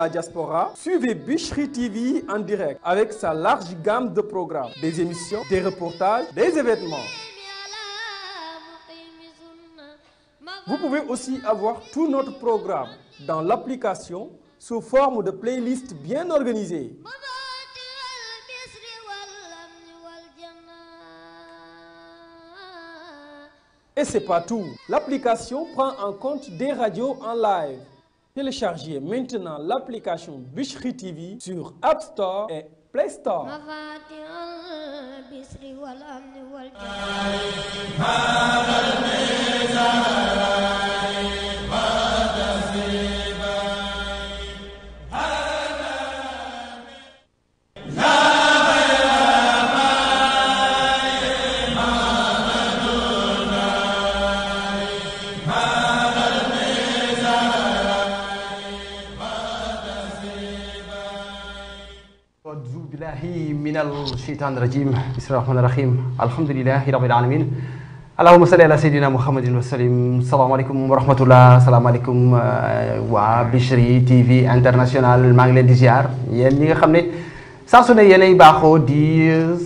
la diaspora, suivez Bichri TV en direct avec sa large gamme de programmes, des émissions, des reportages, des événements. Vous pouvez aussi avoir tout notre programme dans l'application sous forme de playlist bien organisée. Et c'est pas tout. L'application prend en compte des radios en live Téléchargez maintenant l'application Bichri TV sur App Store et Play Store. من الشيطان الرجيم بسم الله الرحمن الرحيم الحمد لله رب العالمين اللهم صل على سيدنا محمد وسلم السلام عليكم ورحمة الله السلام عليكم waa Bichri TV international maa ngi leen di ziar yéen ñi nga xam ne saa su ne yéenay baaxoo di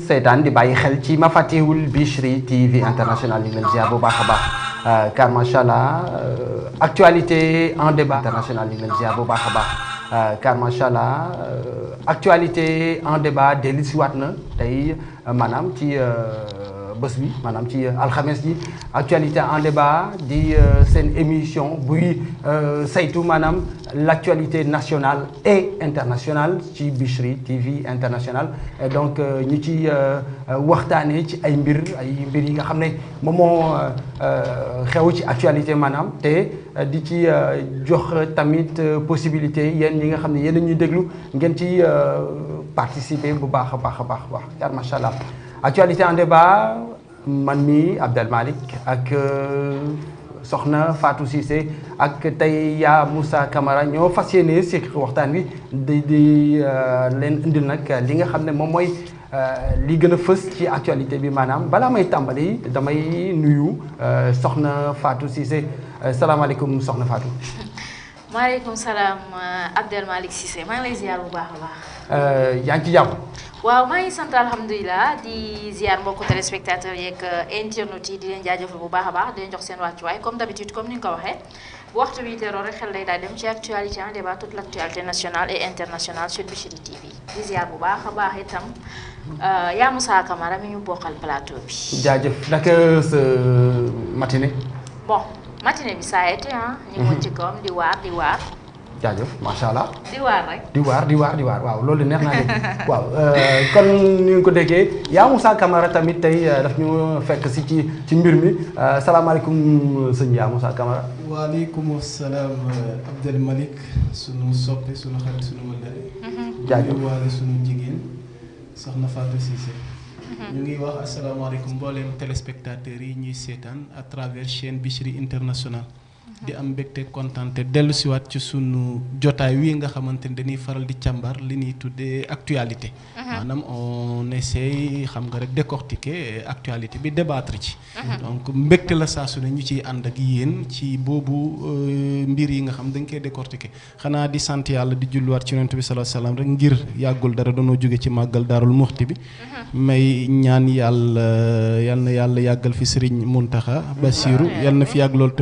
seetaan di bàyyi xel ci mafatihul Bichri TV international ñu ngi leen ziar bu baax a baax uh, car macha allah uh, actualité en débat international ñu ngi leen ziar bu baax a baax. Euh, car macha allah euh, actualité en débat dellusiwaat na tey euh, maanaam ci. bës bi maanaam ci euh, alxames ji actualité en débat di euh, seen émission buy euh, saytu maanaam l' actualité nationale et internationale ci Bichri TV international et donc ñu ci waxtaanee ci ay mbir ay mbir yi nga xam ne moom moo xew ci actualité maanaam te di ci jox tamit possibilité yéen ñi nga xam ne yéen ñuy déglu ngeen ci participer bu baax a baax a baax a baax macha allah. actualité en débat man mi Abdel Malick ak euh, soxna Fatou Cissé ak Taya Moussa Camara ñoo fas yéene si waxtaan wi di di euh, leen indil nag li nga xam ne moom mooy euh, li gën a fës ci actualité bi maanaam balaa may tàmbali damay nuyu soxna Fatou Cissé salaamaaleykum soxna Fatou. maaleykum salaam Abdel Malick Cissé maa bu baax a yaa ngi ci jàpp. waaw maa ngi sant alhamdulilah di ziar mbokku téléspectateurs yeeg euh, internautes yi di leen jaajëfal bu baax a baax di jox seen wàccuwaay comme d'habitude comme ni nga ko waxee waxtu bi teeroo rek xel lay daal dem ci actualité en débat toute l'actualité nationale et internationale sur Bichri TV di ziar bu baax a baax itam euh, yaa Moussa Camara mi ñu bokkal plateau bi. jaajëf naka sa matinée. bon matinée bi ça a été ah. ñu ngi woon ci kawam di waar di waar. jaajëf macha allah. di waar rek. di waar di waar di waar waaw loolu neex naa dégg waaw euh, kon ni nga ko déggee yaa Moussa Camara tamit tey euh, daf ñu fekk si ci ci mbir mi euh, salaamaaleykum sëñ yaa Moussa Camara. waaleykum salaam Abdel Malick sunu soppe sunu xarit sunu wëllëre. Mhm. jaajëf di waale sunu jigéen soxna Fatou Cissé. Mhm. ñu ngi wax asalaamaaleykum mbooleem téléspectateurs yi ñuy seetaan à travers chaîne Bichri International. di am mbégte kontante dellu siwaat ci sunu jotaay wii nga xamante ni dañuy faral di càmbar li ñuy tuddee actualité. maanaam on essaye xam nga rek décortiquer actualité bi débatri ci. donc mbégte la saa su ne ñu ciy ànd ak yéen ci boobu euh, mbir yi nga xam dañ koy décortiquer xanaa di sant yàlla di julluwaat ci yonent bi sallallahu alayhi wasallam rek ngir yàggul dara danoo jóge ci màggal daarul muxti bi. may ñaan yàlla yal na yàlla yàggal fi Serigne Mountakha Bassirou yal na fi yàgg lool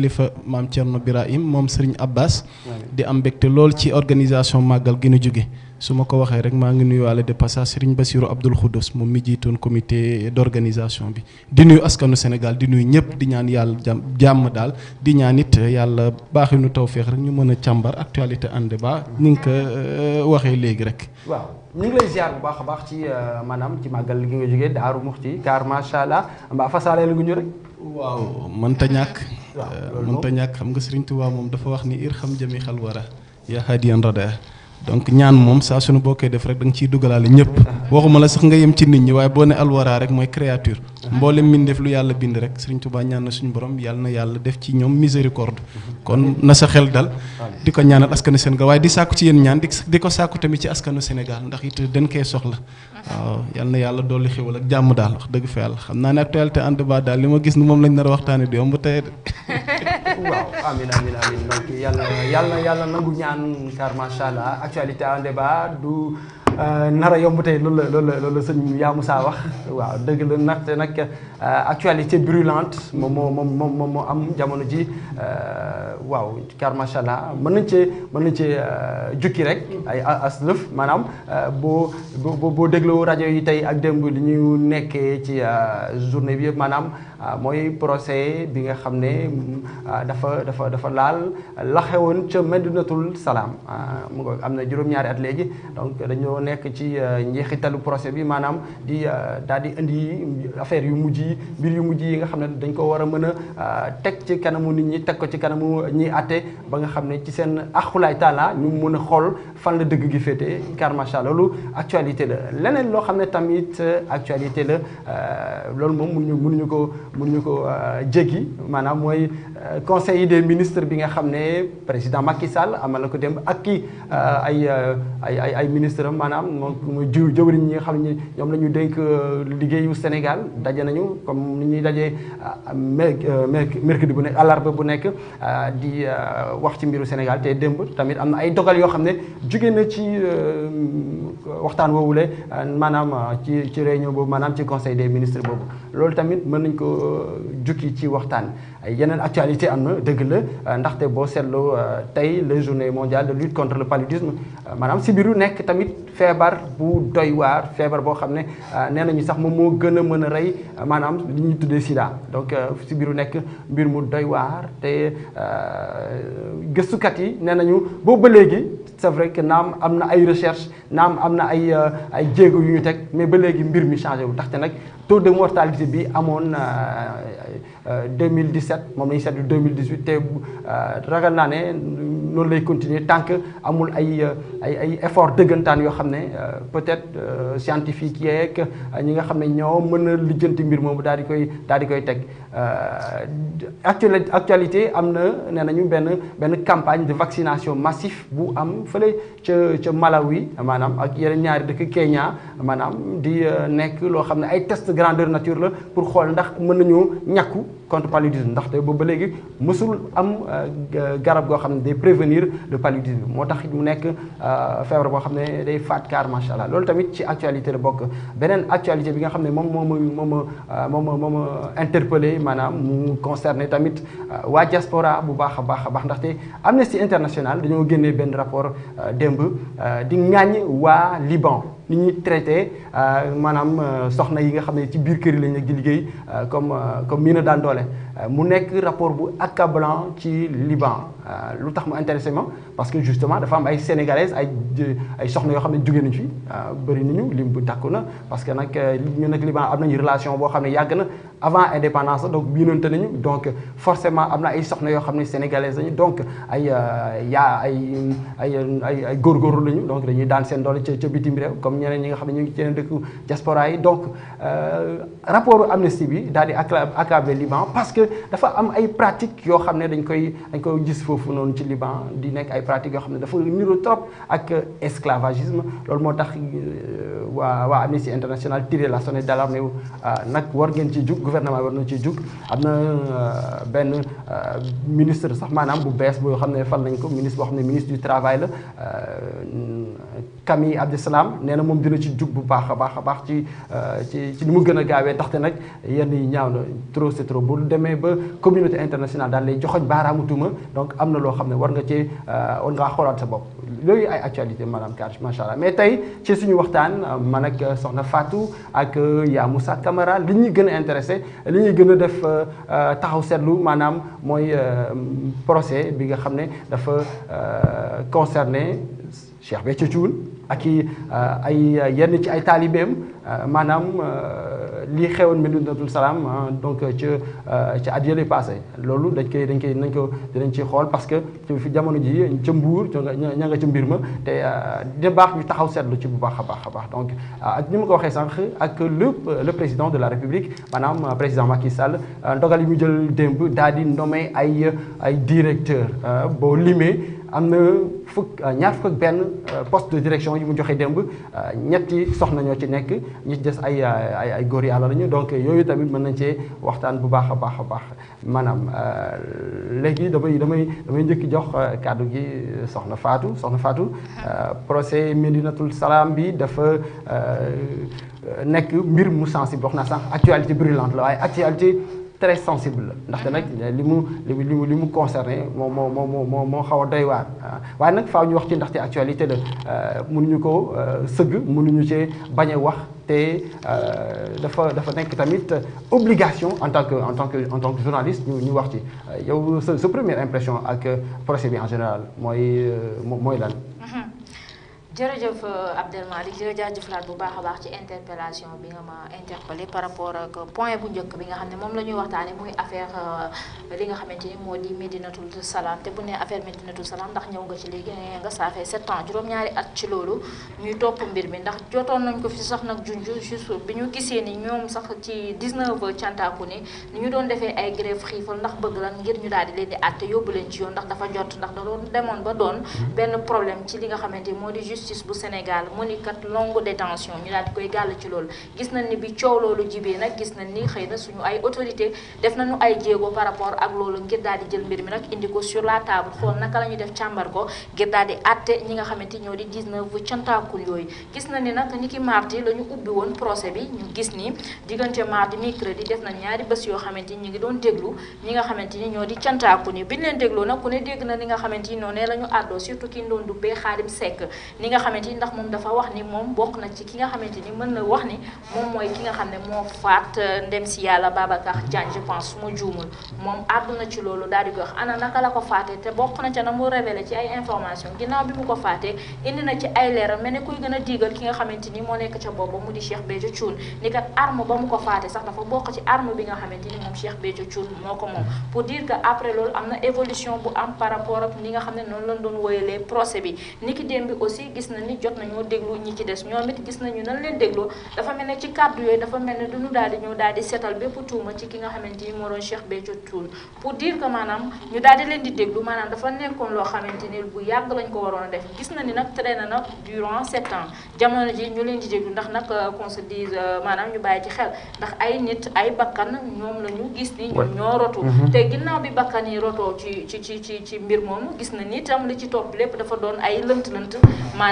xalifa maam Thierno Birahim moom Serigne Abbas. di am mbégte lool ci organisation màggal gi nu jóge su ma ko waxee rek maa ngi nuy nuyuwaale de passage Serigne Bassirou Abdoul Khoudous moom mi jiitoon comité d'organisation bi. di nuyu askanu Sénégal di nuyu ñëpp di ñaan yàlla jàmm jàmm daal di ñaan it yàlla baaxi nu tawféex rek ñu mën a càmbar actualité en débat ni nga ko euh, waxee léegi rek. waaw ñu ngi lay euh, màggal gi nga waaw mënta ñàkk. waaw euh, mënta ñàkk xam nga Serigne Touba moom dafa wax ni xam jami xal wara yaa hadiyan rada donc ñaan moom saa suñu bokkee def rek danga nga ciy dugalaale ñëpp waxuma la sax nga yem ci nit ñi waaye boo ne alwara rek mooy créature mboolem mbindeef lu yàlla bind rek Serigne Touba ñaan na suñu borom yàlla na yàlla def ci ñoom miséricorde kon na sa xel dal di ko ñaanal askanu Sénégal waaye di sàkku ci yéen ñaan di ko sàkku tamit ci askanu Sénégal ndax it dañ koy soxla waaw yal na yàlla dool dolli xéwal ak jàmm daal wax dëgg fa yàlla xam naa ne actualité en débat daal li ma gis ni moom lañ nar a waxtaanee du yomb tey de. waaw amiin amiin amiin donc yàlla yàlla yàlla nangu ñaan car macha allah actualité en débat du. Euh, nar a yomb tey loolu la loolu loolu la sëñ Yaa saa wax waaw dëgg la ndaxte nag euh, actualité brûlante moom moo moom moom moo am jamono ji euh, waaw car macha allah mën nañ cee mën nañ cee jukki rek ay as lëf maanaam boo boo boo dégloo rajo yi tey ak démb li ñuy nekkee ci journée bi yëpp maanaam. Ah, mooy procès bi nga xam ne ah, dafa dafa dafa laal la xewoon ca Medinatul Salaam ah, mu nga am na juróom-ñaari at léegi donc dañoo nekk ci njeexitalu procès bi maanaam di daal di indi affaire yu mujj yi mbir yu mujj yi nga xam ne dañ ko war a mën a teg ci kanamu nit ñi teg ko ci kanamu ñiy àtte ba nga xam ne ci seen axulaay taala ñu mun a xool fan la dëgg gi féete car macha loolu actualité la leneen loo xam ne tamit actualité la loolu moom mënuñu mënuñu ko. ñu ko euh, jéggi maanaam mooy euh, conseil des ministres bi nga xam ne président Macky Sall amal ko démb ak kii euh, ay ay ay ministres am maanaam moom jiw jëwriñ ñi nga xam ne ñoom la ñu dénk liggéeyu Sénégal daje nañu comme nu ñuy dajee mercredi bu nekk àllarba bu nekk di wax ci mbiru Sénégal te démb tamit am na ay dogal yoo xam ne jóge na ci waxtaan woowule maanaam ci ci réunion boobu maanaam ci conseil des ministre boobu loolu tamit mën nañ ko jukki ci waxtaan yeneen actualité am na dëgg la euh, ndaxte boo seetloo euh, tey la journée mondiale de lutte contre le paludisme euh, maanaam si biiru nekk tamit feebar bu doy waar feebar boo xam ne nee nañu sax moom moo gën a mën a rey maanaam li ñuy tuddee sida donc si biiru nekk mbir mu doy waar te gëstukat yi nee nañu boobu ba léegi c'est vrai que naam am na ay recherche naam am na ay ay jéego yu ñu teg mais ba léegi mbir mi changé wu ndaxte nag taux de mortalité bi amoon 2017 euh, moom la ñu seetlu 2018 te Euh, ragal naa ne loolu lay continuer tant que amul ay euh, ay ay effort dëggantaan yoo xam ne euh, peut-être scientifique yeeg ñi nga xam ne ñoo mën a lijjanti mbir moomu daal di koy daal di koy teg actuel actualité am na nee nañu benn benn campagne de vaccination massif bu am fële ca ca Malawi maanaam ak yeneen ñaari dëkk Kenya maanaam di nekk loo xam ne ay test grandeur nature la pour xool ndax mën nañoo ñàkku contre ndax ndaxte boobu ba léegi mësul am. Euh, garab goo xam ne day prévenir le paludisme moo tax mu nekk euh, feebar boo xam ne day faat kaar macha allah loolu tamit ci actualité la bokk beneen actualité bi nga xam ne moom moo moom moom ma moom euh, ma interpellé maanaam mu concerné tamit waa diaspora bu baax a baax a baax ndaxte Amnesty International dañoo génnee benn rapport démb di ŋàññ waa Liban ni ñuy traité maanaam soxna yi nga xam ne ci biir kër yi lañ di liggéey comme comme mii daan doole Euh, mu nekk rapport bu accablant ci Liban euh, lu tax mu intéressé ma parce que justement dafa am ay sénégalaises ay ay soxna yoo xam ne jóge nañu fi euh, bëri nañu lim bu takku na parce que nag ñu nag am nañu relation boo xam ne yàgg na avant indépendance donc biinante nañu donc forcément am na ay soxna yoo xam ne sénégalaises lañu donc ay yaa ay ay ay ay góorgóorlu lañu donc dañuy daan seen doole ca ca bitim réew comme ñeneen ñi nga xam ne ñu ngi ci yeneen dëkku diaspora yi donc rapport Amnesty bi daal di accablé Liban parce dafa am ay pratiques yoo xam ne dañ koy dañ koy gis foofu noonu ci Liban di nekk ay pratique yoo xam ne dafa niro trop ak esclavagisme loolu moo tax euh, waa waa Amnesty International tiré la sonnette d'alarme ne euh, nag war ngeen ci jug gouvernement war na ci jug am na euh, benn ministre sax maanaam bu bees boo xam ne fal nañ ko ministre boo xam ne ministre du travail la Camille Abdesalaam nee na moom dina ci jub bu baax a baax a baax ci euh, ci ci ni mu gën a gaawee taxte nag yenn yi ñaaw na trop c'est trop bu demee ba communauté internationale daal lay joxoñ baaraamu donc am na loo xam ne war nga cee euh, war ngaa xoolaat sa bopp yooyu ay actualité madame Karch macha allah mais tey ci suñu waxtaan euh, man ak soxna Fatou ak yaa Moussa Camara li ñuy gën a intéressé li ñuy gën a def taxaw seetlu maanaam mooy procès bi nga xam ne dafa concerné Cheikh Béthio Thioune ak i euh, ay euh, yenn ci ay taalibeem euh, maanaam lii xewoon Medinatul Salaam donc ca ca at yële passé loolu dañ koy dañ koy nañ ko dinañ ci xool parce que fi jamono ji ca mbuur ña nga ca mbir ma te dina baax ñu taxaw seetlu ci bu baax a baax a baax donc ak ñu ma ko waxee sànq ak le le président de la république maanaam président Macky Sall ndogal yi mu jël démb daal di ay ay directeur boo limee am na fukk euh, ñaar fukk ak benn euh, post de direction yi mu joxe démb euh, ñetti soxna ñoo ci nekk ñi des ay ay góor yàlla lañu donc yooyu tamit mën nañ cee waxtaan bu baax a baax a baax maanaam léegi damay damay damay njëkki jox kàddu gi soxna faatu soxna Fatou ah. procès Médinatoul salaam bi dafa nekk mbir mu sensible wax naa sax actualité brûlante la waaye actualité très sensible ndaxte nag mhm. li mu li mu li mu concerné moo moo moo moo moo xaw a doy waar ah, waaye nag faaw ñu wax ci ndax ci actualité la ah, mënuñu ko ah, sëgg mënuñu ci bañ a wax te dafa dafa nekk tamit obligation en tant que en tant que en journaliste ñu wax ci yow sa sa première impression ak procès bi en général mooy euh, mooy lan. Mhm. jërëjëf euh, Abdelmalik di la jaajëfalaat bu baax a baax ci interpellation bi nga ma interpellé par rapport ak point bu njëkk bi nga xam ne moom la ñuy waxtaanee muy affaire euh, li nga xamante ni moo di Medinatul Salaam te bu ne affaire Medinatul Salaam ndax ñëw nga ci léegi nee nga ça fait sept juróom-ñaari at ci loolu ñuy topp mbir mi ndax jotoon nañ ko fi sax nag junj juste bi ñu gisee ni ñoom sax ci 19 cantaaku ni ni ñu doon defee ay grève xiifal ndax bëgg lan ngir ñu daal di leen di àtte yóbbu leen ci yoon ndax jot ndax da justice bu Sénégal mu ni kat longue détention ñu daal di koy gàll ci loolu gis nañ ni bi coow loolu jibee nag gis nañ ni xëy na suñu ay autorité def nañu ay jéego par rapport ak loolu ngir daal jël mbir mi nag indi ko sur la nag ni ki mardi la ubbi woon procès bi ñu gis ni diggante mardi mercredi def nañ ñaari bés yoo xamante ni ngi doon déglu ñi nga xamante ñoo di cantaakul yi biñ leen dégloo nag ku ne dégg na li nga xamante ni noonu la nga xamante ni ndax moom dafa wax ni moom bokk na ci ki nga xamante ni mën na wax ni moom mooy ki nga xam ne euh, moom di ko wax la ko faatee te na ca na mu révélé ci na ci ay leeral a ki nga xamante ni ni kat arme ba mu ko faatee sax dafa bokk ci arme bi moom Cheikh Béthio ko après loolu am na évolution bu am par rapport ni nga xam ne noonu lañ doon wooyalee procès bi niki démb bi aussi gis nañ ni jot nañoo déglu ñi ci des ñoom it gis ñu nan leen dégloo dafa mel ne ci kàddu yooyu dafa mel ne du ñu daal di ñëw daal di seetal bépp tuuma ci ki nga xamante ni moo doon Cheikh Béthio Thioune pour dire que maanaam ñu daal di leen di déglu maanaam dafa nekkoon loo xamante ni bu yàgg lañ ko waroon a def gis na ni nag traîné na durant sept ans jamono ji ñu leen di déglu ndax nag euh, qu'on se dise euh, maanaam ñu bàyyi ci xel ndax ay nit ay bakkan ñoom la gis ni ñoom ñoo rotu mm-hmm. bi bakkan yi rotoo ci ci ci ci ci mbir moomu gis na ni li ci topp lépp dafa doon ay lënt-lënt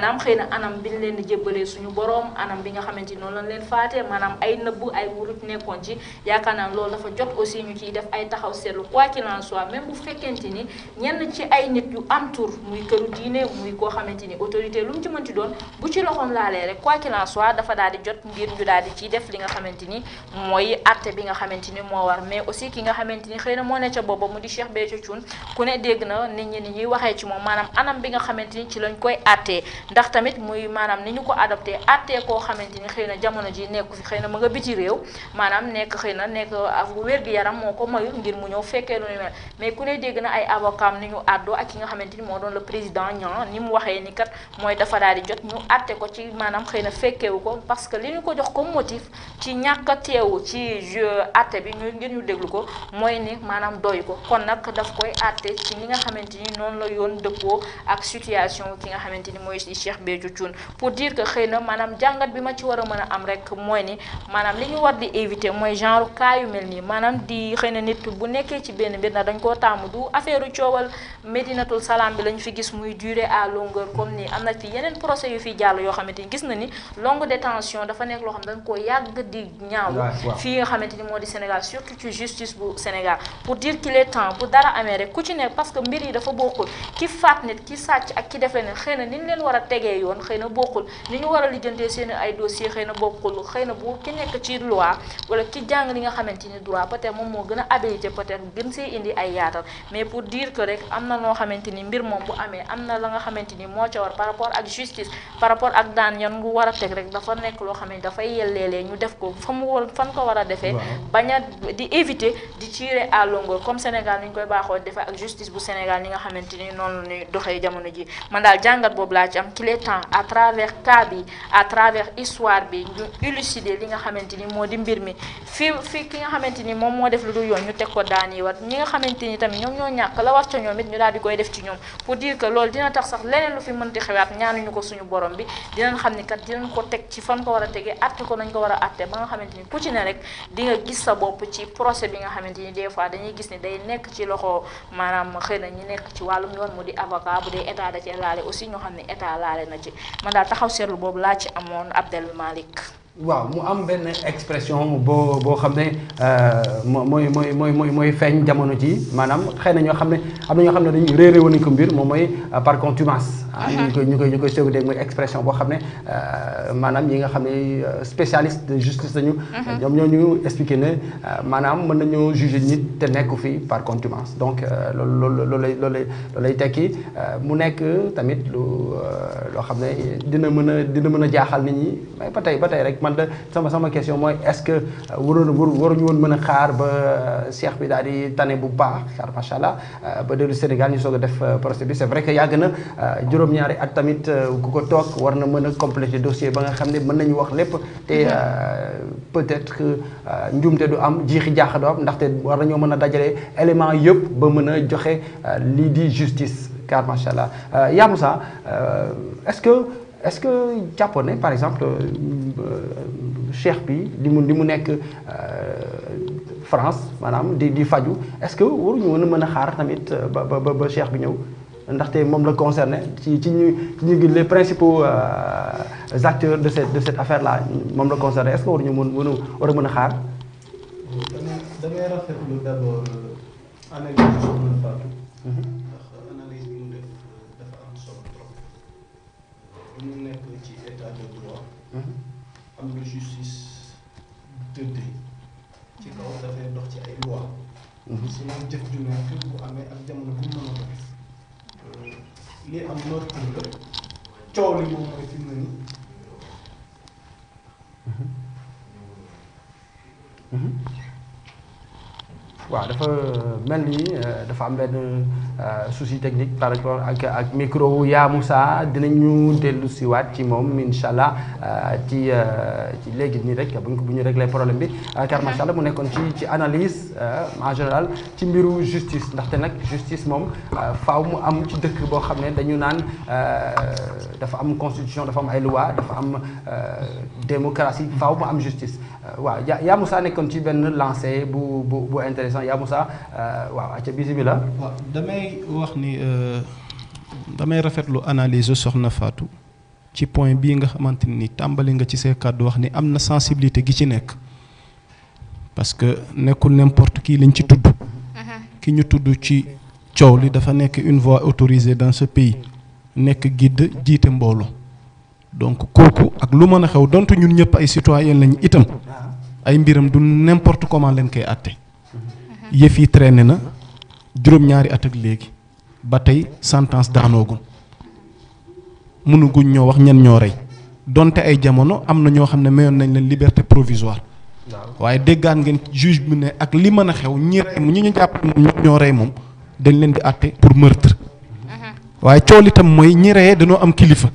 maanaam xëy na anam bi ñu leen di jébbalee suñu borom anam bi nga xamante ni noonu lañu leen faatee maanaam ay nëbb ay wurut nekkoon ci yaakaar naa loolu dafa jot aussi ñu ciy def ay taxaw seetlu quoi qu'il en soit même bu fekkente ni ñenn ci ay nit yu am tur muy këru diine muy koo xamante ni autorité lu mu ci mënti doon bu ci loxoom laalee rek quoi qu'il soit dafa daal jot ngir ñu daal di ciy def li nga xamante ni mooy arte bi nga xamante ni moo war mais aussi ki nga xamante ni xëy na moo ne ca booba mu di Cheikh Béthio Thioune ne dégg na nit ñi ni ñuy waxee ci moom maanaam anam bi nga xamante ni ci lañ koy attee ndax tamit muy maanaam ni ñu ko adopté attee koo xamante ni xëy na jamono ji nekku fi xëy na ma nga biti réew maanaam nekk xëy na nekk wér gu yaram moo ko mayul ngir mu ñëw fekkee lu ñu mais ku ne dégg na ay avocat ni ñu àddoo ak ki nga xamante ni moo doon le président ñan ni mu waxee ni kat mooy dafa daal di jot ñu atte ko ci maanaam xëy na fekkewu ko parce que li ñu ko jox comme motif ci ñàkk a teewu ci jeu atte bi ñu ngir ñu déglu ko mooy ni maanaam doyu ko kon nag daf koy atte ci ñi nga xamante ni noonu la yoon dëppoo ak situation ki nga xamante ni mooy Cheikh Béthio Thioune pour dire que xëy na maanaam jàngat bi ma ci war a mën a am rek mooy ni maanaam li ñu war di éviter mooy genre cas mel nii na nit bu nekkee ci u coowal Médinatul moo di Sénégal surtout ci justice bu Sénégal pour dire qu'il temps bu dara amee rek ku ci nekk parce mbir yi dafa bokkul ki faat nit ki sàcc ak ki def leneen xëy na ni leen war a tegee yoon xëy na bokkul ni ñu war a lijjantee seen ay dossier xëy na bokkul xëy na bu ki nekk ci loi wala ci jàng li nga xamante ni droit peut moom moo gën a habilité peut-être gën see indi ay yaatal mais pour dire ko rek am na loo xamante ni mbir moom bu amee am na la nga xamante ni moo ca war par rapport ak justice par rapport ak daan yan ngu war a teg rek dafa nekk loo xam ne dafay yelleelee ñu def ko fa mu war fan ko war a defee bañ a di éviter di tirer à longueur comme Sénégal ni ñu koy baaxoo defee ak justice bu Sénégal ni nga xamante ni noonu la ñuy doxee jamono ji man daal jàngat boobu laa ci qu'il est temps à travers cas bi à histoire bi ñu élucider li nga xamante ni moo di mbir mi fii fii ki nga xamante ni moom moo def lu dul yoon ñu teg ko daan yi war ñi nga xamante ni tamit ñoom ñoo ñàkk la war ca ñoom it ñu daal di koy def ci ñoom pour dire que loolu dina tax sax leneen lu fi mënti xewaat ñaanuñu ko suñu borom bi dinañ xam ni kat dinañ ko teg ci fan ko war a tegee atte ko nañ ko war a atte ba nga xamante ni ku ci ne rek di gis sa bo ci procès bi nga xamante ni des fois dañuy gis ni day nekk ci loxo maanaam xëy na ñi nekk ci wàllum yoon laale na ci man daal taxaw seetlu boobu laa ci amoon Abdel Malick waaw mu am benn expression boo boo xam ne euh, mooy mooy mooy mooy mooy feeñ jamono ji maanaam xëy na ñoo xam ne am na ñoo xam ne dañuy réeré woon nañ ko mbir moom mooy euh, par contumace. Ah, ñu koy ñu koy ñu koy soog a dégg mooy expression boo xam ne euh, maanaam ñi nga xam ne spécialiste de justice lañu. ñoom ñoo ñu expliqué ne maanaam mën nañoo juger nit te nekk fi par contumace donc loolu loolu lay loolu lay tekki mu nekk tamit lu loo xam ne dina mën a dina mën a jaaxal nit ñi mais ba tey ba tey rek. man de sama sama question mooy est-ce que euh, waroon waruñu woon mën a xaar ba euh, Cheikh bi daal di tane bu baax car macha allah ba dellu Sénégal ñu soo a def euh, procès bi c'est vrai que yàgg na juróom-ñaari at tamit ku ko toog war na mën a compléter dossier ba nga xam ne mën nañu wax lépp te mm-hmm. peut-être que njuumte du am jiixi jaaxa du ndaxte war nañoo mën a dajale élément yëpp ba mën a joxe lii di justice car macha allah Yaa est-ce que. est-ce que jàppoon par exemple euh, cheikh bi li mu li mu nekk euh, France maanaam di di faju est-ce que waruñu woon a mën a xaar tamit euh, ba ba ba cheikh bi ñëw ndaxte moom la concerné ci ci ñu ci ñu les principaux acteurs de cette de cette affaire là moom la concerné est-ce que waruñu mën mën a war a mën a xaar. damay am na justice dëdde ci kaw dafay ndox ci ay loi mhm. suñu jëf ju nekk bu amee ak jamono bu mën a ko euh, li am meurtre la coow li moom mooy fi mu ne waaw dafa euh, mel ni euh, dafa am benn euh, souci technique par rapport ak ak micro yaa Moussa ñu dellu siwaat ci moom incha allah ci ci léegi nii rek bu ñu bu ñu réglé problème bi car macha allah mu nekkoon ci ci analyse en général ci mbiru justice ndaxte nag justice moom faw mu am ci dëkk boo xam ne dañu naan dafa am constitution dafa am ay loi dafa am démocratie faw mu am justice. Euh, waaw ya yaa Moussa nekkoon ci benn lancé bu bu bu intéressant yaa Moussa euh, waaw acca bismillah waaw damay wax ni euh, damay rafetlu analyse soxna Fatou ci point bii nga xamante ni tàmbali nga ci see kàddu wax ni am na sensibilité gi ci nekk parce que nekkul n'importe kii lañ ci tudd ki ñu tudd ci coow li dafa nekk une voix autorisée dans ce pays nekk guide jiite mbooloo donc kooku ak lu mën a xew dont ñun ñëpp ay citoyen lañ itam ay mbiram du n'importe comment leen koy àtte yëf yi na juróom-ñaari at ak léegi ba tey sentence daanoogum mënuguñ ñoo wax ñan ñoo rey donte ay jamono am na ñoo xam ne mayoon nañ leen liberté provisoire waaye déggaat ngeen juge bi ne ak li mën a xew ñi rey ñi ñu jàpp moom ñoo rey moom dañ leen di àtte pour meurtre waaye cool itam mooy ñi reyee dañoo am kilifa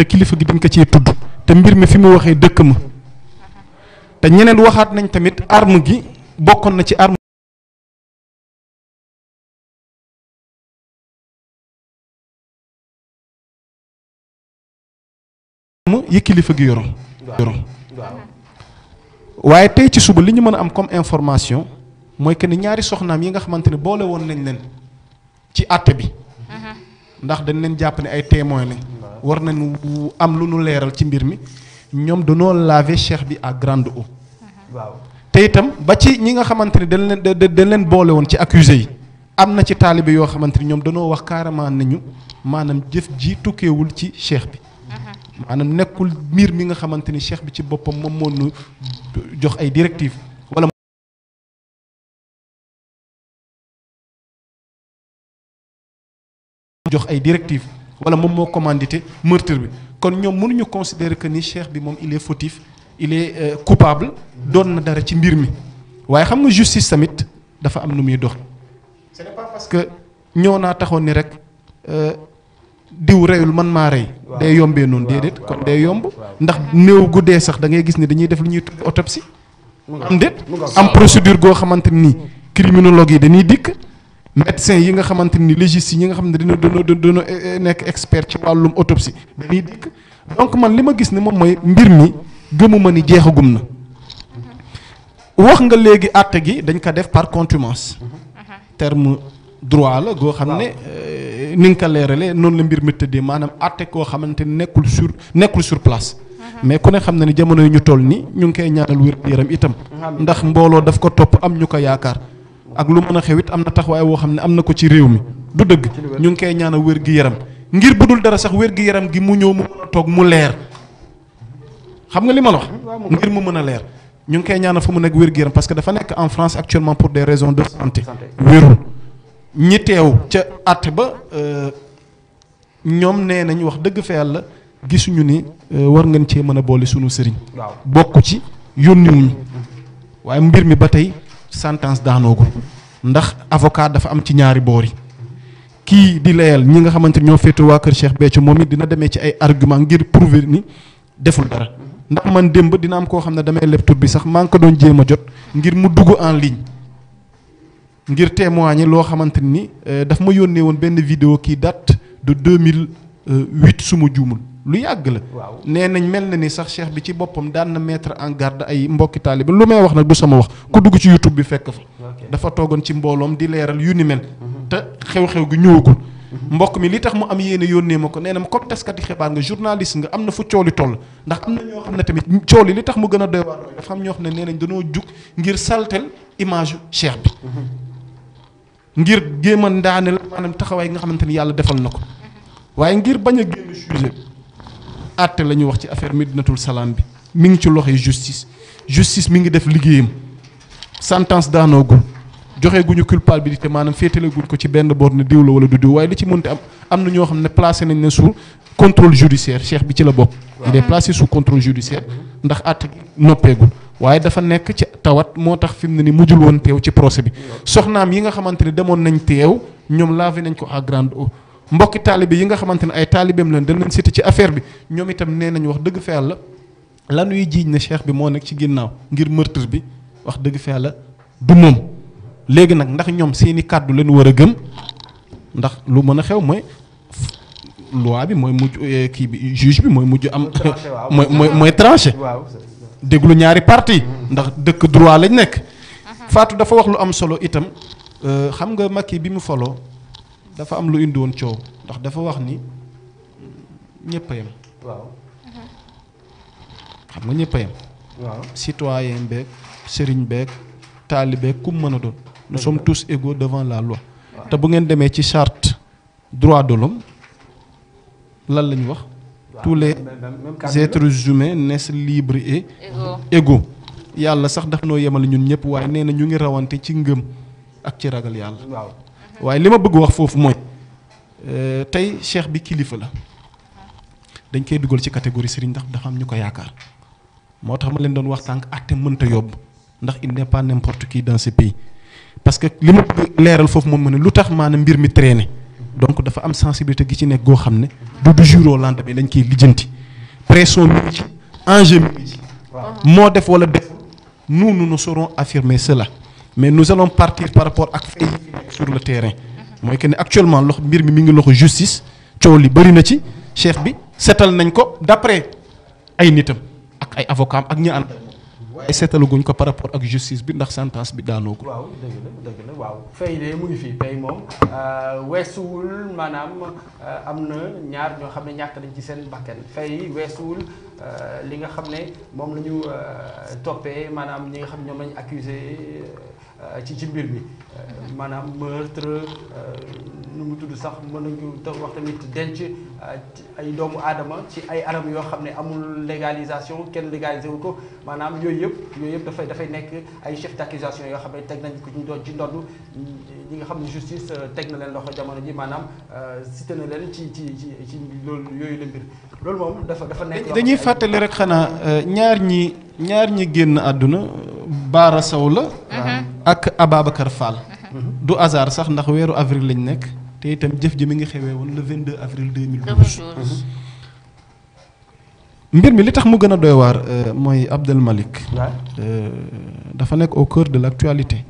te kilifa gi dañ ko cee tudd te mbir mi fi mu waxee dëkk ma te ñeneen waxaat nañ tamit arm gi bokkoon na ci arme yi kilifa gi yoroon yoroon waaye tey ci suba li ñu mën a am comme information mooy que ni ñaari soxnaam yi nga xamante ne boole woon nañ leen ci àtte bi ndax dañ leen jàpp ne ay témoin lañ war nañu am lu nu leeral ci mbir mi ñoom danoo laver cheikh bi ak grande o waaw te itam ba ci ñi nga xamante ni dañ leen da leen boole woon ci accusé yi am na ci taalibe yoo xamante ni ñoom danoo wax carrément nañu maanaam jëf ji tukkewul ci cheikh bi. Uh-huh. maanaam nekkul mbir mi nga xamante ni cheikh bi ci boppam moom moo nu jox ay directives. jox ay directives wala moom moo commandité meurtre bi kon ñoom mënuñu considérer que ni cheikh bi moom il est fautif il euh, coupable doon na dara ci mbir mi waaye xam nga justice samit dafa am nu muy dox ce n'est que ñoo naa taxoon ni rek euh, diw reyul man maa rey day yombee noonu déedéet kon day yomb ndax néew gu dee sax da ngay gis ni dañuy def lu ñuy tudd autopsie am déet am procédure goo xamante nii criminologue yi dañuy dikk médecin yi nga xamante ni légiste yi nga xam ne dina dina nu nekk expert ci wàllum autopsie dañuy dikk donc man li ma gis ne moom mooy mbir mi gëmuma ni jeexagum na wax nga léegi àtte gi dañ ko def par contumace terme droit la goo xam ne eh, ni nga ko leeralee noonu la mbir mi tëddee maanaam àtte koo xamante ni nekkul sur nekkul sur place mais ku ne xam na ni jamono yi ñu toll nii ñu ngi koy ñaanal wér-gu-yaram itam ndax mbooloo daf ko topp am ñu ko yaakaar ak lu mën a xew it am na taxawaay woo xam ne am na ko ci réew mi du dëgg ñu ngi koy ñaanal wér gi yaram ngir bu dul dara sax wér gi yaram gi mu ñëw mu mën a toog mu leer xam nga li ma wax ngir mu mën a leer ñu ngi koy ñaana fa mu nekk wér gi yaram parce que dafa nekk en France actuellement pour des raisons de santé wérul ñi teew ca àtte ba euh, ñoom nee nañu wax dëgg fa yàlla gisuñu ni euh, war ngeen cee mën a boole sunu sëriñ bokk ci yónniwuñu waaye mbir sentence daanoogul ndax avocat dafa am ci ñaari boor yi kii di layal ñi nga xamante ñoo féetu waa kër Cheikh Béthio moom it dina demee ci ay argument ngir prouver ni deful dara ndax man démb dina am koo xam ne damay leb tur bi sax maa ngi ko doon jéema jot ngir mu dugg en ligne ngir témoigner loo xamante ni euh, daf ma yónnee woon benn vidéo kii du de mille su suma juumul lu yàgg la. waaw nee nañ mel na ni sax cheikh bi ci boppam daan na mettre en garde ay mbokki taaliba lu may wax nag du sama wax ku dugg ci YouTube bi fekk fa. dafa toogoon ci mbooloom di leeral yu ni mel. Mhm. te xew-xew gi ñëwagul. Mhm. mbokk mi li tax mu am yéene yónnee ma ko nee na ma comme taskati xibaar nga journaliste nga am na fu cooli toll ndax am na ñoo xam ne tamit cooli li tax mu gën a doy waar dafa am ne nee nañ dañoo jug ngir saltel image cheikh bi. Mhm. ngir géem a ndaaneel maanaam taxawaay nga xamante ni yàlla defal na ko waaye ngir bañ a génn sujet àtte la ñuy wax ci affaire Medinatul Salaam bi mi ngi ci loxoy justice justice mi ngi def liggéeyam sentence daanoogul joxe guñu culpabilité maanaam féetale guñ ko ci benn boor ne diw la wala du diw waaye li ci mënti am am na ñoo xam ne placé nañ ne sous contrôle judiciaire cheikh bi ci la bokk il est placé sous contrôle ndax àtte noppeegul waaye dafa nekk ci tawat moo tax fi mu ne ni mu jul woon teew ci procès bi soxnaam yi nga xamante ne demoon nañ teew ñoom lavé nañ ko à grande eau mbokki taalibe yi nga xamante ne ay taalibeem lañ dañ leen cité ci affaire bi ñoom itam nee nañu wax dëgg fa yàlla lanuy jiiñ na cheikh bi moo nekk ci ginnaaw ngir meurtre bi wax dëgg fa la du moom léegi nag ndax ñoom seeni kàddu lañu war a gëm ndax lu mën a xew mooy loi bi mooy mujj eh, kii bi juge bi mooy mujj am mooy mooy mooy tranché déglu ñaari parti ndax dëkk droit lañ nekk Fatou dafa wax lu am solo itam euh, xam nga Macky bi mu foloo dafa am lu indi woon coow ndax dafa wax ni ñëpp a xam nga ñëpp a waaw citoyen beeg sëriñ beeg taalibe ku mën a doon. nous sommes tous égaux devant la loi. te bu ngeen demee ci charte droit de l'homme lan la ñu wax. tous les êtres humains naissent libres et égaux yàlla sax daf noo yemale ñun ñëpp waaye nee na ñu ngi rawante ci ngëm ak ci ragal yàlla. waaye li ma bëgg wax foofu mooy euh, tey cheikh bi kilifa la dañ koy dugal ci catégorie sëriñ ndax dafa am ñu ko yaakaar moo tax ma leen doon wax tànk àtte mënta yóbbu ndax il n'est pas n'importe qui dans pays parce que li ma bëgg leeral foofu moom ma ne lu tax maanaam mbir mi traîné donc dafa am sensibilité gi ci nekk goo xam ne du du jour au lendemain dañ koy lijjanti pression mi ngi moo def wala def nous nous nous saurons affirmer cela mais nous allons partir par rapport ak fay sur le terrain mooy que ne actuellement loxo mbir mi mi ngi loxo justice coow li bëri na ci cheikh bi seetal nañ ko d'après ay nitam ak ay avocats ak ñaan ànd waaye seetalaguñ ko par rapport ak justice bi ndax sentence bi daanoo ko. waaw waaw fay de mu ngi fii fay moom euh, weesuwul maanaam euh, am na ñaar ñoo xam ne ñàkk nañ ci seen bakkan fay weesuwul euh, li nga xam ne moom la ñu toppee maanaam ñi nga xam ñoom lañu accusé Euh, ci ci mbir mi euh, maanaam meurtre euh, nu mu tudd sax mën nañu wax tamit denc ay doomu aadama ci ay anam yoo xam ne amul légalisation kenn légalisé wu ko maanaam yooyu yëpp yooyu yëpp dafay dafay nekk ay chef d'accusation yoo xam ne teg nañ ko ci doon ci ndodd ñi nga xam ne justice teg na leen loxo jamono ji maanaam cité na leen ci ci ci ci loolu yooyu la mbir loolu moom dafa dafa nekk. dañuy fàttali rek xanaa ñaar ñi ñaar ñi génn àdduna baara la. Mm-hmm. ak Ababacar Fall. du hasard sax ndax weeru avril lañ nekk te itam jëf ji mi ngi xewee woon le 22 avril 2012. mbir mi li tax mu gën a doy waar euh, mooy Abdel Malik euh, dafa nekk au cœur de l' actualité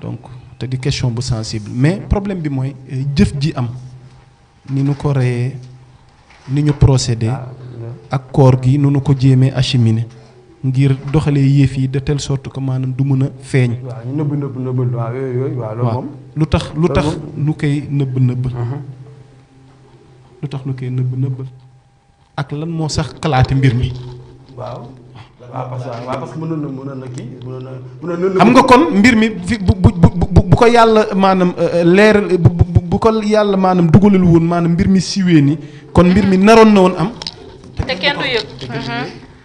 donc te di question bu sensible mais problème bi mooy euh, jëf ji am ni ñu ko reyee ni ñu procédé ah, ak koor gi nu nu ko jéemee acheminé. ngir doxalee yéef yi de telle sorte que maanaam du mën a feeñ. waaw ñu nëbb nëbb nëbbal waaw lu tax mhm. lu tax nu koy nëbb nëbbal. lu tax nu koy nëbb nëbbal. ak lan moo sax kalaati mbir mi. waaw. waaw na mënoon nga kon mbir mi fi bu bu bu bu ko yàlla maanaam euh, euh, leer bu bu ko yàlla maanaam dugalal woon maanaam mbir mi siwee ni kon mbir mi naroon na woon am.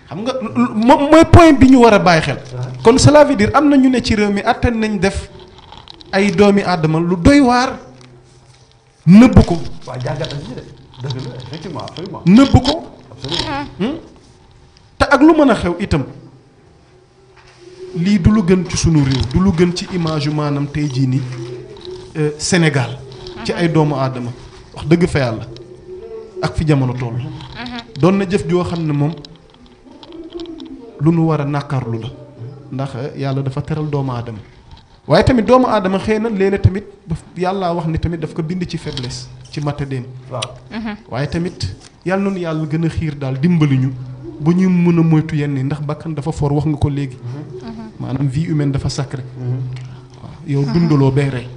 xam nga moom mooy point bi ñu war a bàyyi xel. kon cela veut dire am na ñu ne ci réew mi attan nañ def ay doomi aadama lu doy waar nëbb ko. waaw nëbb ko. absolument. Hmm? te ak lu mën a xew itam lii du lu gën ci sunu réew du lu gën ci image yu maanaam tey jii nii euh, Sénégal. ci ay doomu aadama wax dëgg fa yàlla ak fi jamono toll. Mhm. doon na jëf joo xam ne moom. lu nu war a naqarlu la ndax yàlla dafa teral doomu aadama waaye tamit doomu aadama xëy na léeg-léeg tamit daf yàlla wax ni tamit daf ko bind ci faiblesse ci matadeem waaw mhm. waaye tamit yàlla noonu yàlla gën a xiir daal dimbali ñu bu ñu mën moytu yenn yi ndax bakkan dafa foor wax nga ko léegi mhm. maanaam vie humaine dafa sacré mhm. waaw yow dundaloo bay rey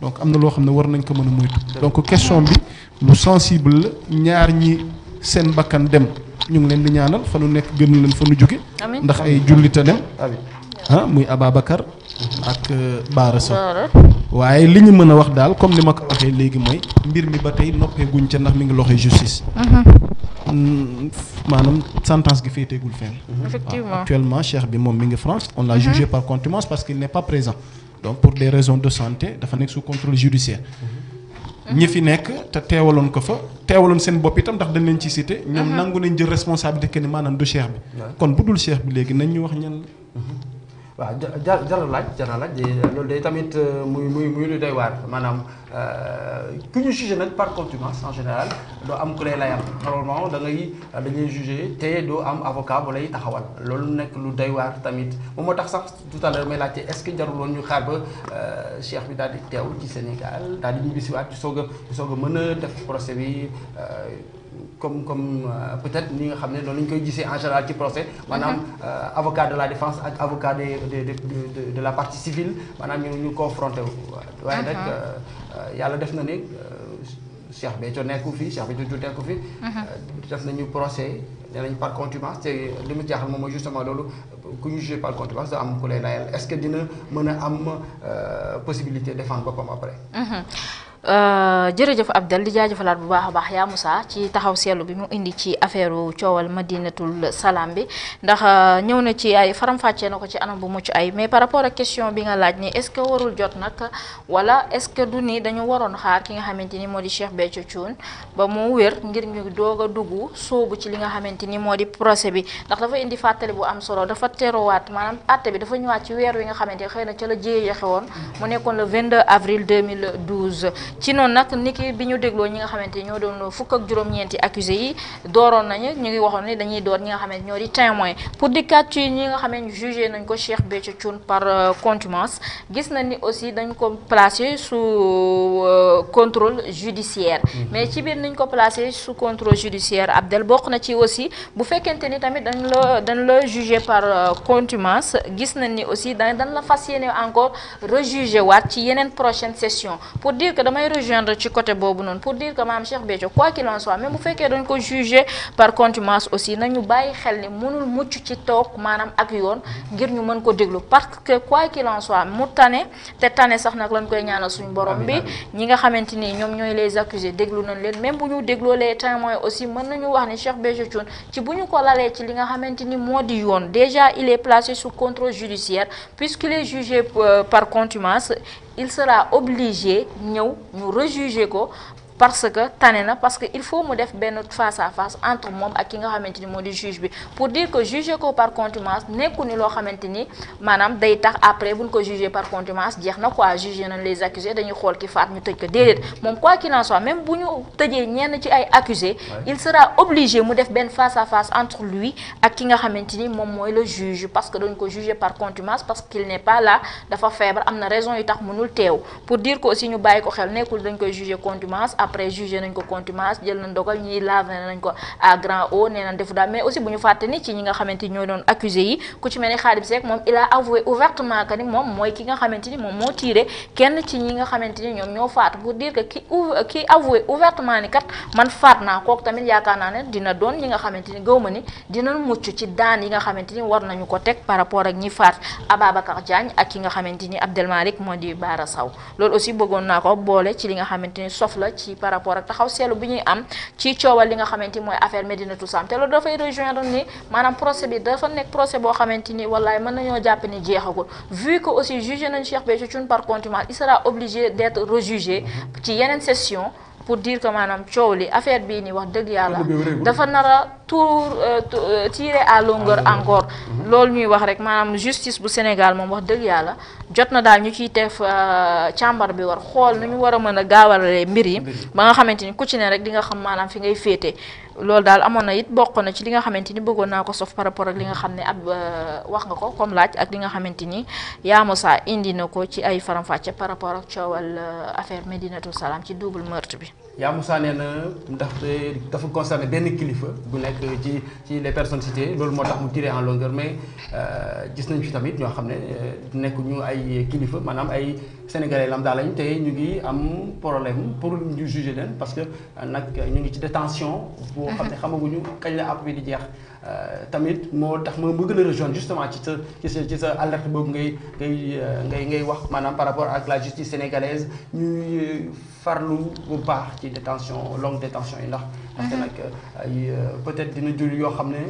donc am na loo xam ne war nañ ko mën a moytu donc question bi lu sensible la ñaar ñi seen bakkan dem ñu ngi leen di ñaanal fa nu nekk gënu leen fa nu jóge ndax ay jullita dem ah muy Ababacar ak euh, Baara Sow waaye li ñu mën a wax daal comme ni ma ko waxee léegi mooy mbir mi ba tey noppee guñ ca ndax mi ngi loxo justice mm-hmm. mm, maanaam sentence gi féeteegul fenn mm-hmm. effectivement actuellement cheikh bi moom mi ngi France on l'a mm-hmm. jugé par contumace parce qu'il n'est pas présent donc pour des raisons de santé dafa nekk sous contrôle judiciaire ñi fi nekk te teewaloon ko fa teewaloon seen bopp itam ndax dañ leen ci cité ñoom nangu nañ jël responsabilité que maanaan du cheikh bi kon bu dul cheikh bi léegi nañ ñu wax ñan la mhm. waaw ja jar laaj jar laaj loolu day tamit euh, muy muy muy lu doy waar maanaam euh, ku ñu jugé nag par contumace en général doo am ku lay layal normalement da ngay dañuy jugé te doo am avocat bu lay taxawal loolu nekk lu day waar tamit moom moo tax sax tout à l'heure may laajte est-ce que jarul ñu xaar ba euh, cheikh bi daal di teew ci Sénégal daal di ñibbisiwaat ci soog a soog a mën a def procès bi. comme comme euh, peut-être ñi nga xam ne noonu lañu koy gisee en général ci procès mhm. maanaam euh, avocat de la défense ak avocat de de de la partie civile maanaam ñu ñu confronté wu waaye nag euh, yàlla def na ne Cheikh Béthio nekku fi Cheikh Béthio Thioune nekku fi mhm. def nañu procès nee nañu par contumace te li mu jaaxal moom mooy justement loolu ku ñu jugé par contumace da am ku lay layal est-ce que dina mën a am possibilité défendre boppam après mhm. Euh, jërëjëf Abdel di jaajëfalaat bu baax a baax yaa Moussa ci taxaw seetlu bi mu indi ci affaire coowal madinatul salaam bi ndax euh, ñëw na ci ay faram-fàccee na ko ci anam bu mucc ay mais par rapport ak question bi nga laaj ni est-ce que warul jot nag wala est-ce que du nii dañu waroon xaar ki nga xamante ni moo di Cheikh Béthio Thioune ba mu wér ngir ñu doog a dugg soobu ci li nga xamante ni moo di procès bi ndax dafa indi fàttali bu am solo dafa terowaat maanaam àtte bi dafa ñëwaat ci weer wi nga xamante ni xëy na ca la jiyee joxe woon mu nekkoon le 22 avril 2012. ci noonu nag niki bi ñu dégloo ñi nga xamante ni ñoo doon fukk ak juróom-ñeenti accusé yi dooroon nañu ñu ngi waxoon ni dañuy door ñi nga xamante ñoo di témoin pour dikkaat ci ñi nga xamante jugé nañ ko Cheikh Béthio Thioune par euh, contumace gis nañ ni aussi dañ ko placé sous euh, contrôle judiciaire mm-hmm. mais ci biir nañ ko placé sous contrôle judiciaire Abdel bokk na ci aussi bu fekkente ni tamit dañ la dañ la jugé par euh, contumace gis nañ ni aussi dañ dañ la fas yéene encore rejugé waat ci yeneen prochaine session pour dire que dama damay rejoindre ci côté boobu noonu pour dire que maam Cheikh Béthio quoi qu'il en soit même bu fekkee dañ ko jugé par contumace aussi nañu bàyyi xel ni mënul mucc ci toog maanaam ak yoon ngir ñu mën ko déglu parce que quoi qu'il en soit mu tane te tane sax nag lañ koy ñaanal suñu borom bi ñi nga xamante ni ñoom ñooy les accusés déglu nañ leen même bu ñu dégloo les témoins aussi mën nañu wax ni Cheikh Béthio Thioune ci bu ñu ko lalee ci li nga xamante ni moo di yoon déjà il est placé sous contrôle judiciaire il sera obligé ñëw ñu rejuger ko parce que tane na parce que il faut mu def benn face à face entre moom ak ki nga xamante moo di juge bi pour dire que juger ko nekku ni loo xamante ni day tax après buñ ko juger par contumace jeex na quoi juger nañ les accusés dañuy xool ki faat ñu tëj ko déedéet moom quoi bu ñu tëjee ñenn ci ay accusés il sera obligé mu def benn face à face ak ki nga xamante ni moom mooy le juge parce que dañ ko juger par contimence parce qu'il n'est pas là dafa feebar am na raison yu tax mënul teew pour dire que aussi ñu bàyyi ko xel nekkul dañ koy juger contumace après jugé nañ ko contumace jël nañ dogal ñiy lavé nañ ko à grand eau nee nañ defu daal mais aussi bu ñu fàtte ni ci ñi nga xamante ni ñoo doon accusé yi ku ci mel ni moom il a avoué ouvertement que ni moom mooy ki nga xamante moom moo tiré kenn ci ñi nga xamante ñoom ñoo faatu pour dire que ki ki avoué ouvertement ni kat man faat naa kooku tamit yaakaar naa ne dina doon ñi nga xamante ni ni dina mucc ci daan yi nga xamante di Bara Sow loolu aussi bëggoon naa ko boole ci par rapport a taxaw seetlu bi ñuy am ci coowal li nga xamante ni mooy affaire Médinatou Sam te loolu dafay rejoindre ni maanaam procès bi dafa nekk procès boo xamante ni wallaay mën nañoo jàpp ni jeexagul vu que aussi jugé nañ Cheikh Béthio Thioune par contumace il obligé d'être rejugé ci yeneen session pour diir que maanaam coow li affaire bii nii wax dëgg yàlla dafa nar a tour euh, euh, tirer à longueur ah, encore mm-hmm. loolu ñuy wax rek maanaam justice bu Sénégal moom wax dëgg yàlla jot na daal ñu ciy teef euh, càmbar bi war xool nu ñu war a mën a gaawalee mbir yi ba nga xamante ni ku ci rek di nga xam maanaam fi ngay féete loolu daal amoon na it bokk na ci li nga xamante ni bëggoon naa ko sof par rapport ak li nga xam ne ab euh, wax nga ko comme laaj ak li nga xamante ni Yaa Moussa indi na ko ci ay faram par rapport ak coowal euh, affaire médinatu Salam ci double meurtre bi. yaa Moussa nee na ndax dafa concerné benn kilifa bu nekk ci ci les personnes citées loolu moo tax mu tiré en longueur mais euh, gis nañ fi tamit ñoo xam ne euh, nekk ñu ay kilifa maanaam ay sénégalais lambda lañ te ñu ngi am problème pour ñu juger leen parce que euh, nag ñu ngi ci detention boo xam ne xamaguñu kañ la app bi di jeex Euh, tamit moo tax ma bëgg la rejoindre justement ci sa ci sa ci sa alerte boobu ngay ngay euh, ngay ngay wax maanaam par rapport ak la justice sénégalaise ñuy euh, farlu bu baax ci détention longue détention yi ndax. parce mm-hmm. nag peut-être dina jur yoo xam ne.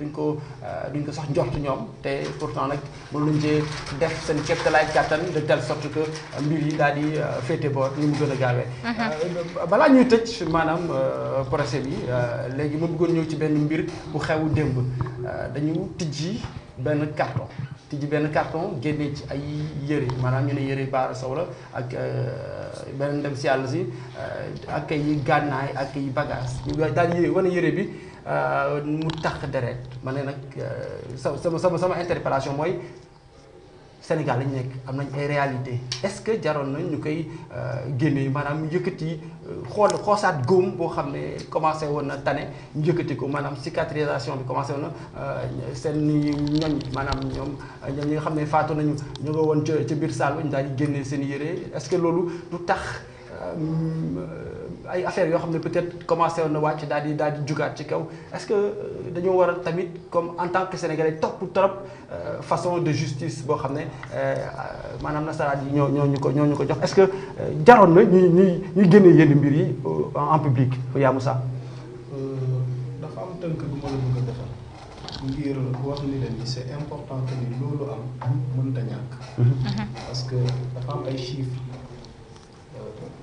duñ ko euh, duñ ko sax njort ñoom te pour pourtant nag mën nañ cee def seen kéemtalaay kàttan de telle sorte que euh, mbir yi daal di euh, féete boor ñu mu gën a gaawee. Mhm. balaa ñuy tëj maanaam procès bi léegi ma bëggoon ñëw ci benn mbir bu xewu démb dañu tijji benn carton. tijji benn carton génne ci ay yëre maanaam ñu ne yëre baara saw la ak benn dem si yàlla si ak ay gànnaay ak ay bagage daal yëre wane yëre bi. Euh, mu tax deret ma ne nag euh, sa sama sama sama interpellation mooy Sénégal lañu nekk am nañ ay réalité est-ce que jaroon na ñu koy euh, génnee maanaam yëkkati xool xoosaat góom boo xam ne commencé woon na tane ñu yëkkati ko maanaam cicatrisation bi commencé woon na seen ñoñ maanaam ñoom ñoom ñi nga xam ne faatu nañu ñu nga woon ca ca biir salle ba ñu daal di génne seen yére est-ce que loolu du tax. ay affaires yoo xam ne peut-être commencé woon na wàcc daal di daal di jugaat ci kaw est-ce que euh, dañoo war a tamit comme en tant que sénégalais topp trop euh, façon de justice boo xam ne euh, maanaam nasaraan yi ñoo ñoo ñu ko ñoo ñu ko jox est-ce que jaroon na ñuy ñuy ñuy génne yenn mbir yi en public yaa Moussa. dafa am tënk bu ma la bëgg a defal ngir wax ni leen ni c'est important que ni loolu am mënta ñàkk. Mhm. parce que dafa am ay chiffres.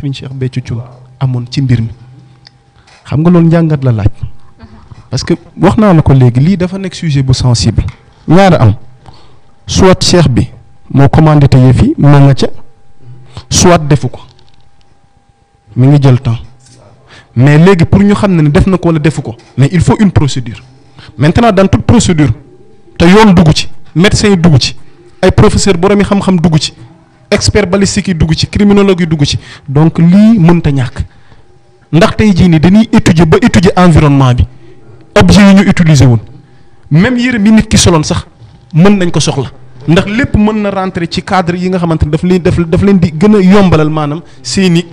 sëriñ Cheikh Béthio Thioune amoon ci mbir mi xam nga loolu njàngat la laaj parce que wax naa la ko léegi lii dafa nekk sujet bu sensible ñaara am soit cheikh bi moo commandité yëf yi ma nga ca soit defu ko mi ngi jël temps mais léegi pour ñu xam ne ne def na ko wala defu ko mais il faut une procédure maintenant dans toute procédure te yoon dugg ci médecin yi dugg ci ay professeur boroom yi xam-xam dugg ci expert balistique yi dugg ci criminologue yi dugg ci donc lii mënta ñàkk ndax tey jii nii dañuy étudier ba étudier environnement bi objet yi ñu utiliser woon même yére bi nit ki soloon sax mën nañ ko soxla ndax lépp mën na rentrer ci cadre yi nga xamante ni daf leen daf daf leen di gën a yombalal maanaam seeni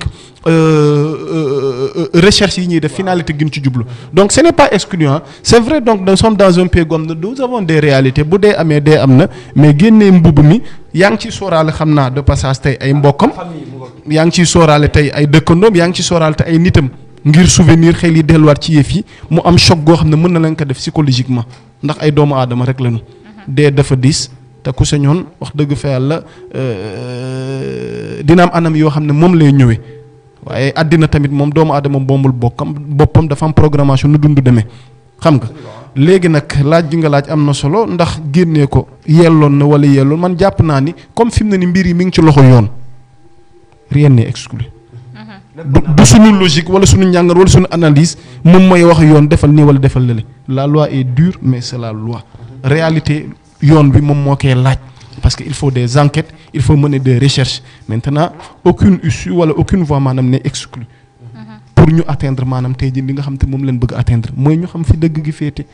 euh, euh, euh, recherche yi ñuy def finalité gi ñu ci jublu donc ce n'est pas excluant c'est vrai donc nous sommes dans un pays comme nous avons bu dee amee dee am na mais génnee mbubb mi yaa ngi ciy sóoraale xam naa de passage tey ay mbokkam yaa ngi ciy sóoraale tey ay dëkkandoom yaa ngi ci sóoraale tey ay nitam ngir souvenir xel yi delluwaat ci yëf yi mu am choc goo xam ne mën na lañ ko def psychologiquement ndax ay doomu aadama rek lañu dee dafa diis te ku sañoon wax dëgg fa yàlla euh, euh, dina am anam yoo xam ne moom lay ñëwee waaye àddina tamit moom doomu aadama boomul bokkam boppam dafa am programmation nu dund demee xam nga léegi nag laaj ji nga laaj am na solo ndax génne ko yelloon na wala yelloon man jàpp naa ni comme fi mu ne ni mbir yi mi ngi ci loxo yoon rien n'est exclu du suñu logique wala suñu njàngat wala suñu analise moom mooy wax yoon defal nii wala defal lële la loi est dure mais c'est yoon wi moom moo koy laaj parce que il faut des enquêtes il faut mener des recherches maintenant aucune issue wala aucune voie maanaam n'est exclue pour ñu atteindre maanaam tey jii li nga xam te moom leen bëgg atteindre mooy ñu xam fi dëgg gi féete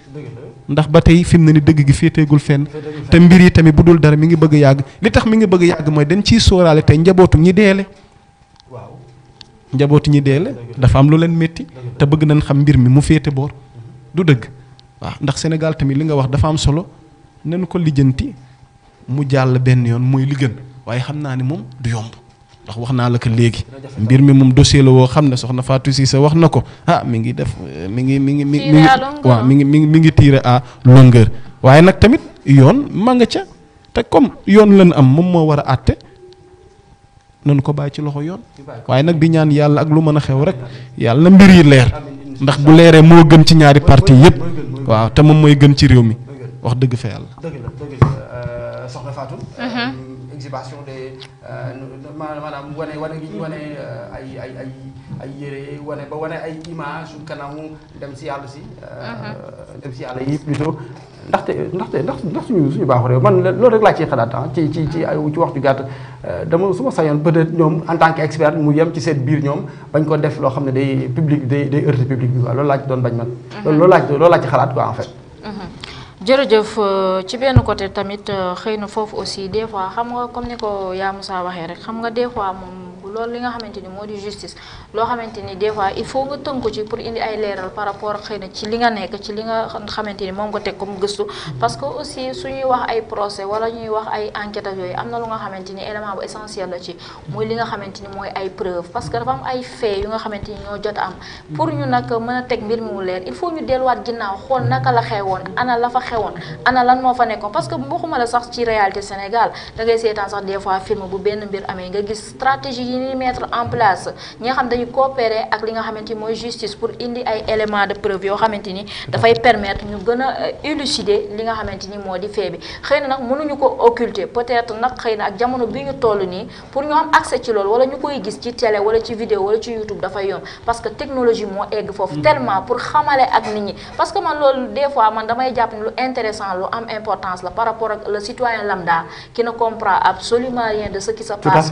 ndax ba tey fi mu ne ni dëgg gi féeteegul fenn te mbir yi tamit bu dul dara mi ngi bëgg yàgg li tax mi ngi bëgg a yàgg mooy dañ ciy sóoraale tey njabootu ñi deele waaw njabootu ñi deele dafa am lu leen métti te bëgg nañ xam mbir mi mu féete boor du dëgg waaw ndax Sénégal tamit li nga wax dafa am solo nañ ko lijjanti mu jàll benn yoon mooy li waaye xam naa ni moom du yomb ndax wax naa la ko léegi. mbir mi moom dossier la woo xam ne soxna Fatou sa wax na ko ah mi ngi def mi ngi mi ngi. mi ngi waaw mi ngi mi ngi mi ngi tiré à longueur. waaye nag tamit yoon ma nga ca te comme yoon lan am moom moo war a àtte nañ ko bàyyi ci loxo yoon. waaye nag di ñaan yàlla ak lu mën a xew rek yàlla mbir yi leer. ndax bu leeree moo gën ci ñaari parti yépp waaw te moom mooy gën ci réew mi. wax dëgg fa yàlla. dëgg la dëgg la euh, soxna Fatou. Uh-huh. Euh, exhibition de euh, maanaam wane wane gi ñu wane ay ay ay ay yére wane ba wane ay image su kanamu dem si yàlla si. Uh-huh. dem si yàlla yi plutôt. ndaxte ndaxte ndax ndax suñu suñu baaxu réew man loolu rek laa ciy xalaat ah ci ci ci ay ci waxtu gàtt dama su ma sañoon peut-être ñoom en tant que expert mu yem ci seen biir ñoom bañ ko def loo xam ne day public day day heurte public bi quoi loolu laa ci doon bañ man. Uh-huh. loolu laa ci loolu laa ci xalaat quoi en fait. jërëjëf euh, ci benn côté tamit euh, xëy na foofu aussi des fois xam nga comme ni ko yaa Moussa waxee rek xam nga des fois moom. loolu li nga xamante ni moo di justice loo xamante ni des fois il faut nga tënku ci pour indi ay leeral par rapport xëy na ci li nga nekk ci li nga xamante ni moom nga teg comme gëstu mm-hmm. parce que aussi suñuy wax ay procès wala ñuy wax ay enquête ak yooyu am na lu nga xamante ni élément bu essentiel la ci muy li nga xamante ni mooy ay preuve parce que dafa am ay fait yu nga xamante ni ñoo jot am pour ñu nag mën a teg mbir mi mu leer il faut ñu delluwaat ginnaaw xool naka la xewoon ana la fa xewoon ana lan moo fa nekkoon parce que waxuma la sax ci réalité Sénégal da ngay des fois film bu benn mbir amee nga gis yi ñuy en place ñi nga xam dañu coopérer ak li nga xamante ni mooy justice pour indi ay éléments de preuve yoo xamante ni dafay permettre ñu gën a euh, élucider li nga xamante ni moo di fee xëy na nag mënuñu ko occulter peut-être nag xëy na ak jamono bi ñu toll nii pour ñu am accès ci loolu wala ñu koy gis ci télé wala ci vidéo wala ci YouTube dafay yomb parce que technologie moo egg foofu mm. tellement pour xamale ak nit ñi parce que man loolu des fois man damay jàpp ne lu intéressant am importance la par rapport ak le citoyen lambda qui ne comprend absolument rien de ce qui se passe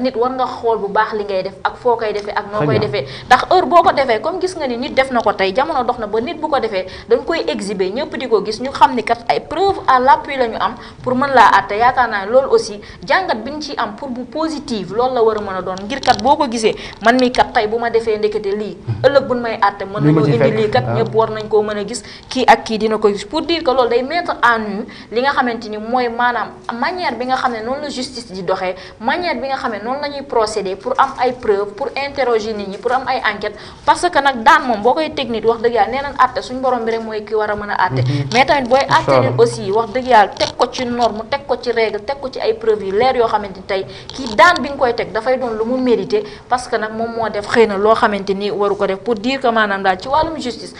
nit war nga xool bu baax li ngay def ak foo koy defee ak noo koy defee ndax heure boo ko defee comme gis nga ni nit def na ko tey jamono dox na ba nit bu ko defee dañ koy exhiber ñëpp di ko gis ñu xam ni kat ay preuve la am pour mën laa àtte yaakaar naa loolu aussi jàngat bi ñu ciy am pour bu positive loolu la war a mën a doon ngir kat boo ko gisee man mi kat tey bu ma defee ndekete lii ëllëg buñ may àtte mën nañoo indi lii kat ñëpp war nañ koo mën a gis kii ak kii dina ko gis pour dire que loolu day mettre à nu li nga xam xamante ni mooy maanaam manière bi nga xam ne noonu la justice di doxee manière bi nga xam ne noonu la ñuy procéder pour am ay preuve pour interroger nit ñi pour am ay enquête parce nag daan moom boo koy technique wax dëgg yàlla àtte suñu borom bi rek mooy ki war a mën a àtte mhm. mais tamit booy àtte nit aussi wax dëgg yàlla teg ko ci norme teg ko ci règle teg ko ci ay preuve yu leer yoo xamante ni tey kii daan bi nga koy teg dafay doon lu mu mérité parce nag moom moo def xëy na loo xamante ni waru ko def pour dire que maanaam daal ci wàllum justice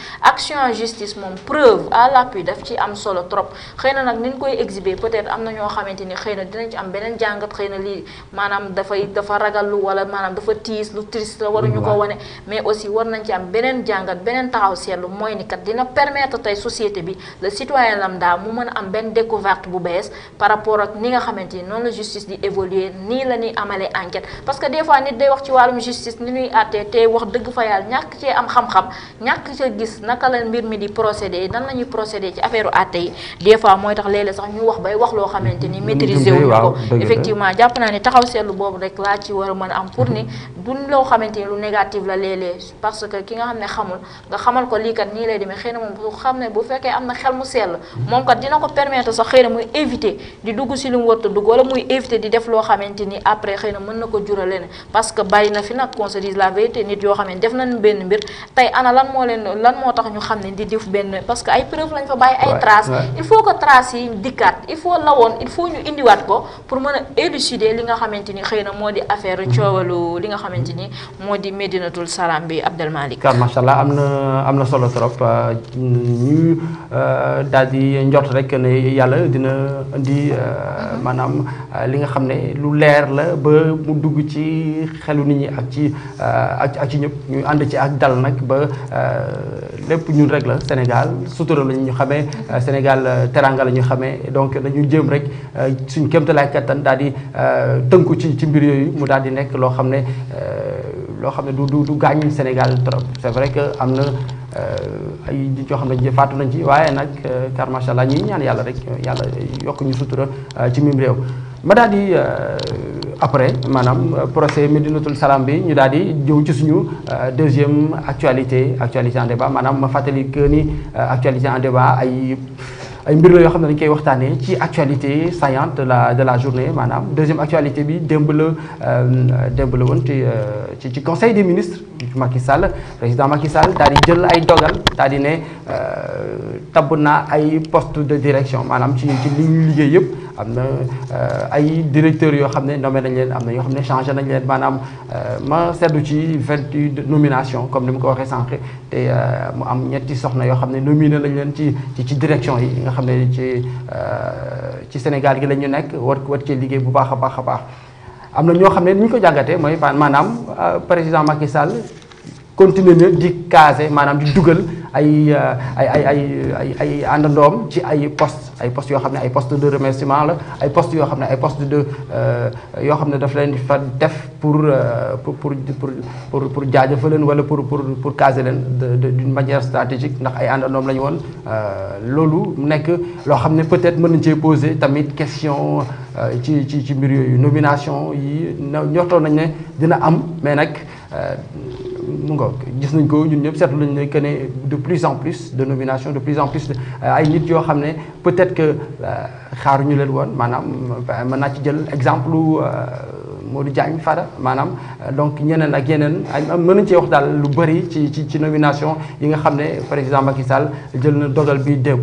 xëy na nag niñ koy exhiber peut-être am na ñoo xamante ni xëy na dinañ ci am beneen jàngat xëy na lii maanaam daf dafay dafa ragal lu wala maanaam dafa tiis lu triste la waruñu ko wane mais aussi war nañ ci am beneen jàngat beneen taxaw seetlu mooy ni kat dina permettre tey société bi le citoyen lambda mu mën a am benn découverte bu bees par rapport ak ni nga xamante ni noonu la justice di évoluer nii la ñuy amalee enquête parce que des fois nit day wax ci wàllum justice ni ñuy àttee te wax dëgg fa yàlla ñàkk cee am xam-xam ñàkk cee gis naka la mbir mi di procédé nan la ñuy procédé ci affaire àtte yi des mooy tax léeg-léeg sax ñu wax bay wax loo xamante ni mm-hmm. maîtriser mm-hmm. wuñu ko rek laa ci war a mën a am pour ni duñ loo xamante ni lu xam ne xamul nga xamal ko nii lay demee xëy na moom bu xam ne bu fekkee am na xel mu sell moom kat dina ko permettre sax xëy na muy éviter di dugg si lu mu warta dugg wala muy éviter di def loo xamante ni après xëy na mën na ko jural leneen parce que bari na fi nag qu'on se dise la nit yoo xam ne def nañ benn mbir tey ana lan moo leen lan moo tax ñu xam ne di def benn parce que ay preuve lañ fa bàyyi ay traces il ñu indiwaat ko a élucider ne moo di affaire coowalu li nga xamante ni moo di Médinatul Salaam bi Abdel Malick. car macha allah am na am na solo trop euh, ñu euh, daal di njort rek ne yàlla dina indi euh, mhm. maanaam li nga xam ne lu leer la ba mu dugg ci xelu nit ñi ak ci ak ci ñëpp ñu ànd ci ak dal nag ba lépp ñun rek la Sénégal sutura la ñu xamee mhm. Sénégal teranga la ñu xamee donc dañu jëm rek suñ kéemtalaay kattan daal tënku ci ci mbir mbir yooyu mu daal di nekk loo xam ne euh, loo xam ne du du du gaañ Sénégal trop c'est vrai que am na euh, ay nit yoo xam ne faatu nañ ci waaye nag euh, car macha allah ñuy ñaan yàlla rek yàlla yokk ñu sutura ci mim réew ma daal di après maanaam procès Médinatoul Salam bi ñu daal di jëw ci suñu deuxième actualité actualité en débat maanaam ma fàttali que actualité en débat ay. ay mbir la xam ne dañ koy waxtaanee ci actualité saillante de la de la journée maanaam deuxième actualité bi démb la euh, démb la woon euh, ci ci conseil des ministres Macky Sall président Macky Sall daal jël ay dogal daal di ne euh, tabb naa ay poste de direction maanaam ci ci ñuy liggéey yëpp. am na euh, ay directeurs yoo xam ne nommé nañ leen am na yoo xam ne changé nañ leen maanaam euh, ma seddu ci vingt huit nomination comme ni mu ko waxee sànq te euh, mu am ñetti soxna yoo xam ne nominé nañ leen ci ci direction yi nga xam ne ci ci Sénégal gi la ñu nekk war war ci liggéey bu baax a baax a baax am na ñoo xam ne ni ñu ko jàngatee mooy maanaam président Macky Sall. continuer na di caser maanaam di dugal ay ay ay ay ay ay àndandoom ci ay poste ay poste yoo xam ne ay poste de remerciement la ay poste yoo xam ne ay poste de euh, yoo xam ne daf leen di fa def pour euh, pour pour pour pour jaajëfa wala pour pour pour caser leen de d'une manière stratégique ndax ay àndandoom lañu ñu woon euh, loolu nekk loo xam ne peut-être mën nañ cee poser tamit question ci ci ci mbir yooyu nomination yi ñortoon nañ ne dina am mais nag mu nga gis nañ ko ñun ñëpp lu ñu ne que ne de plus en plus de nomination de plus en plus euh, ay nit yoo xam ne peut-être que euh, xaaruñu leen woon maanaam euh, mën naa ci jël exemple Modou Diagne Fada maanaam donc ñeneen ak yeneen ay mën nañu cee wax daal lu bëri ci ci ci nomination yi nga xam ne président Macky Sall jël na dogal bi dégg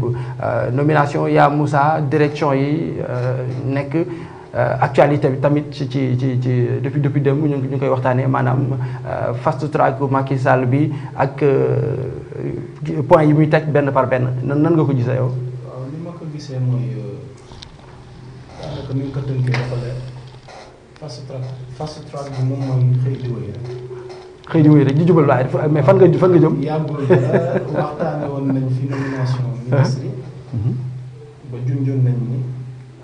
nomination yaa Moussa direction yi nekk. Euh, actualité bi tamit ci ci ci ci depuis depuis démb ñu ngi koy waxtaanee maanaam euh, fast track Macky Sall bi ak euh, point yi muy teg benn par benn nan nan nga ko gisee yow. waaw li ma ko gisee mooy daanaka ni nga ko tënkee xëy di wéy xëy di wéy rek di jubal waaye mais fan nga fan nga jëm. waxtaane woon nañ fi nomination ministre yi. Mhm. ba junjoon nañ ni.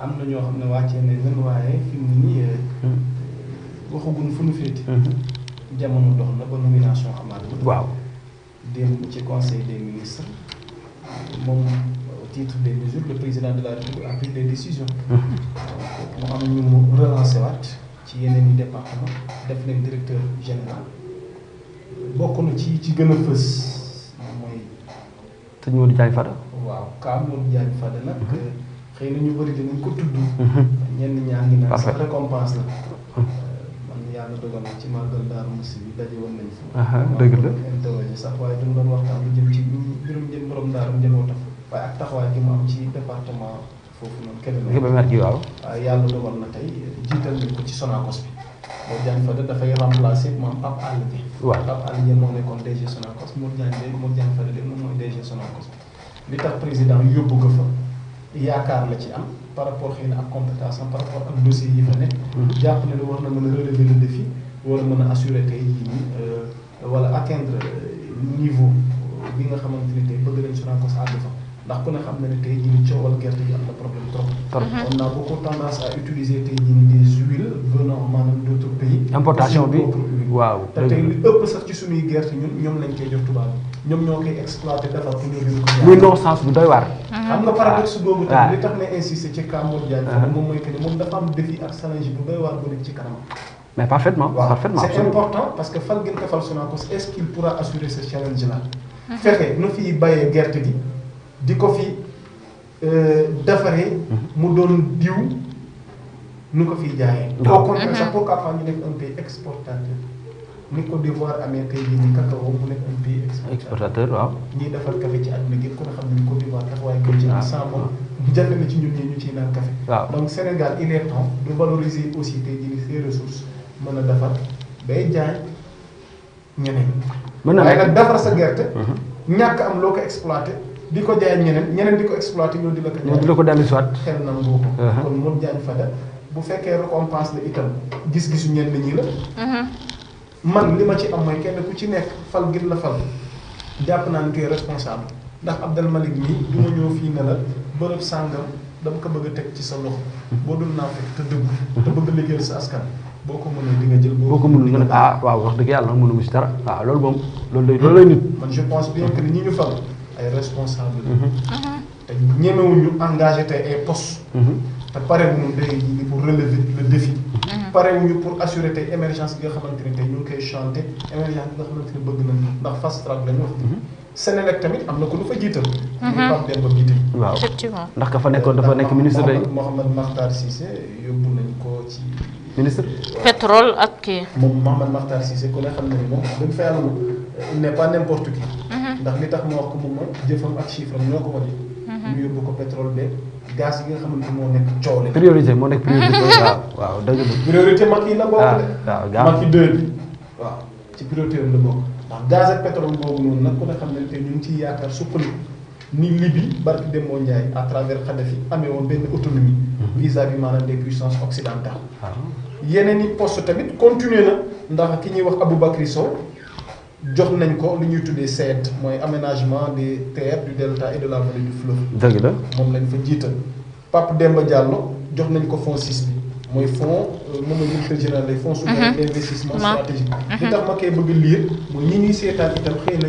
am na ñoo xam ne wàccee nañ leen waaye fi mu nii euh, hmm. waxaguñ fu ñu féete. Hmm. jamono dox na ba nomination amatul. waaw démb ci conseil des ministres moom euh, au titre des mesures le président de la république a pris des décisions. Hmm. donc mu am ñu mu relancé waat ci yeneen i département def leen directeur général bokk na ci ci gën a fës mooy. sëñ Modou Diagne Fada. waaw Ka Modou Diagne Fada nag. Euh, xëy na ñu bëri dinañ ko tudd. Mhm. ñenn ñaa ngi naan sax la. Mhm. man yàlla dogal na ci màggal Daaru Muxti bi daje waaye duñ doon waxtaan lu jëm ci mbirum jëm borom daaru njabootam waaye ak taxawaay gi mu am ci département foofu noonu Kébémer. Kébémer gi waaw. waaye yàlla dogal na tey jiital nañ ko ci Sonacos bi. moo jaan fa de dafay remplacer maam Pape Alé bi. waaw Pape Alé bi moo nekkoon DG Sonacos moo jaan de moo jaan fa de moom mooy DG Sonacos yaakaar la ci am par rapport xëy na ak compétence am par rapport ak dossier yi fa nekk. Mm-hmm. jàpp ne lu war na mën a relever le défi war a mën a assurer tey jii nii euh, wala atteindre euh, niveau euh, bi nga xamante ne tey bëgg nañ Sonacos àgg fa ndax ku ne xam na ne tey jii nii coowal gerte gi am na problème trop. Mm-hmm. on a beaucoup tendance à utiliser tey jii nii des huiles venant maanaam d' autres importation bi waaw te tey lu ëpp sax ci suñuy gerte ñun ñoom lañ koy jox tubaab ñoom ñoo koy exploité defar ko ñoom muy non-sens bu doy waar. xam nga paradoxe boobu tam li tax na insister ci Kambour Diagne. moom mooy que moom dafa am défi ak challenge bu doy waar bu nekk ci kanam. mais parfaitement parfaitement. c'est important parce que fan ngeen defal Sonacos est-ce bayee gerte gi di ko fi euh, defaree. mu doon diw nu ko fiy jaayee. waaw boo compter sax pourquoi nekk un pays exportateur. ni Côte d'Ivoire amee tey jii nii cacao mu nekk un pays exportateur waaw ñii defar café ci àdduna gi ku ne xam ne Côte d'Ivoire taxawaay ko ci am sans moom jënd na ci ñun ñi ñu ciy naan café waaw donc Sénégal il est aussi tey jii nii ses ressources a defar day jaay ñeneen mën na waaye nag defar sa gerte mhm. ñàkk am loo ko exploité di ko jaay ñeneen ñeneen di ko exploité ñoo di la ko ñoo di la ko dellu soit xel na ngoo ko mhm. kon mun jaañ fada bu fekkee récompense la itam gis-gisu ñenn ñi la mhm. man li ma ci am mooy kenn ku ci nekk fal ngir la fal jàpp naa ne tu es responsable ndax Abdel Malik nii du ma ñëw fii ne la bërëb sàngam dama ko bëgg a teg ci sa loxo boo dul naa fekk te dëgg te bëgg liggéeyal sa askan boo ko mënul di nga jël boo ko mënul di nga ne ah waaw wax dëgg yàlla mënu ma si dara waaw loolu moom loolu lay loolu lay nit man je pense bien que ñi ñu fal ay responsable mm-hmm. te ñemewuñu engagé tey ay poste mm-hmm. te pare wuñu léegi ñu ngi pour relever le défi. Mhm. pare pour assurer tey émergence bi nga xamante ne tey ñu ngi koy chanter émergence bi nga xamante ne bëgg nañu ndax fast track la ñu wax. Mhm. Sénélec tamit am na ko lu fa jiital. ñu mhm. Pape waaw effectivement ndax ka nekkoon dafa nekk ministre de. Mouhamed Makhtar Cissé yóbbu nañ ko ci. ministre pétrole ak kii. moom Mouhamed Makhtar Cissé ku ne xam na ni moom dañ fa yàlla il n'est pas n'importe ndax li tax ma wax ko moom mooy jëfam ak chiffre am ñoo ko wane. ñu yóbbu ko pétrole beeg. gaz yi nga xamante moo nekk coow priorité moo nekk priorité waaw waaw dëgg la. priorité mag yi la bokk de. Ah, waaw gaz mag yi deux bi waaw ci priorité la bokk ndax gaz ak pétrole boobu noonu nag ku ne xam ne te ñu ngi ciy yaakaar sukkandiku ni Libye barki Demba Ndiaye à travers Kadhafi amee woon benn autonomie. Mm-hmm. vis-à-vis maanaam des puissances occidentales. Ah. yeneen i post tamit continuer na ndax ki ñuy wax abu Aboubacry Sow. jox nañ ko lu ñuy tuddee SED mooy aménagement des terres du delta et de la vallée du fleuve. dëgg la moom lañ fa jiital. Pape Demba Diallo jox nañ ko fonds six bi mooy fonds euh, moom des fonds souverains mhm. investissement stratégique. Mhm. li tax ma mooy ñi ñuy xëy na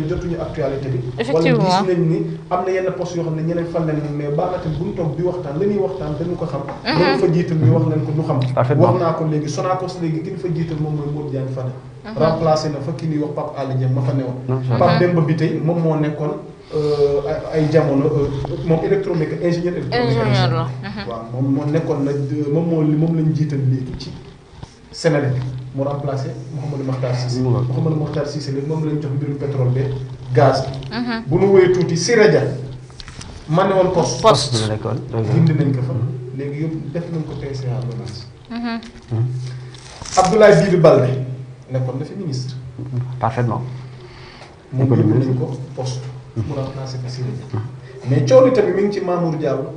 jotuñu actualité bi. effectivement wala nañ ni am na yenn postes yoo xam ne ñeneen fan lañ mais baax na bu ñu toog waxtaan la ñuy waxtaan dañu ko xam. dañu mhm. fa jiital ñu wax ko ñu xam. wax naa ko léegi Sonacos léegi ki moom mooy Modou Diagne remplacé na fa ki ñuy wax Pape Alé Niang ma fa newoon. Pape Demba bi tey moom moo nekkoon euh, ay jamono euh, moom électronique ingénieur électronique. ingénieur la waaw moom moo nekkoon nag euh, moom moo moom lañ jiital léegi ci Sénégal mu remplacé Mouhamadou Makhtar Cissé. Mouhamadou Makhtar Cissé léegi moom lañ jox mbirum pétrole beeg gaz bi. bu nu wëyee tuuti Siré Dia ma ne woon poste. poste dindi nañ ko fa léegi yëpp def nañ ko PCA hmm. Abdoulaye Bibi Balde. nekkoon na fi ministre. parfaitement. moom yëpp nañu ko poste. mun a financé facile. mais coow li tamit mi ngi ci Mamour Diallo.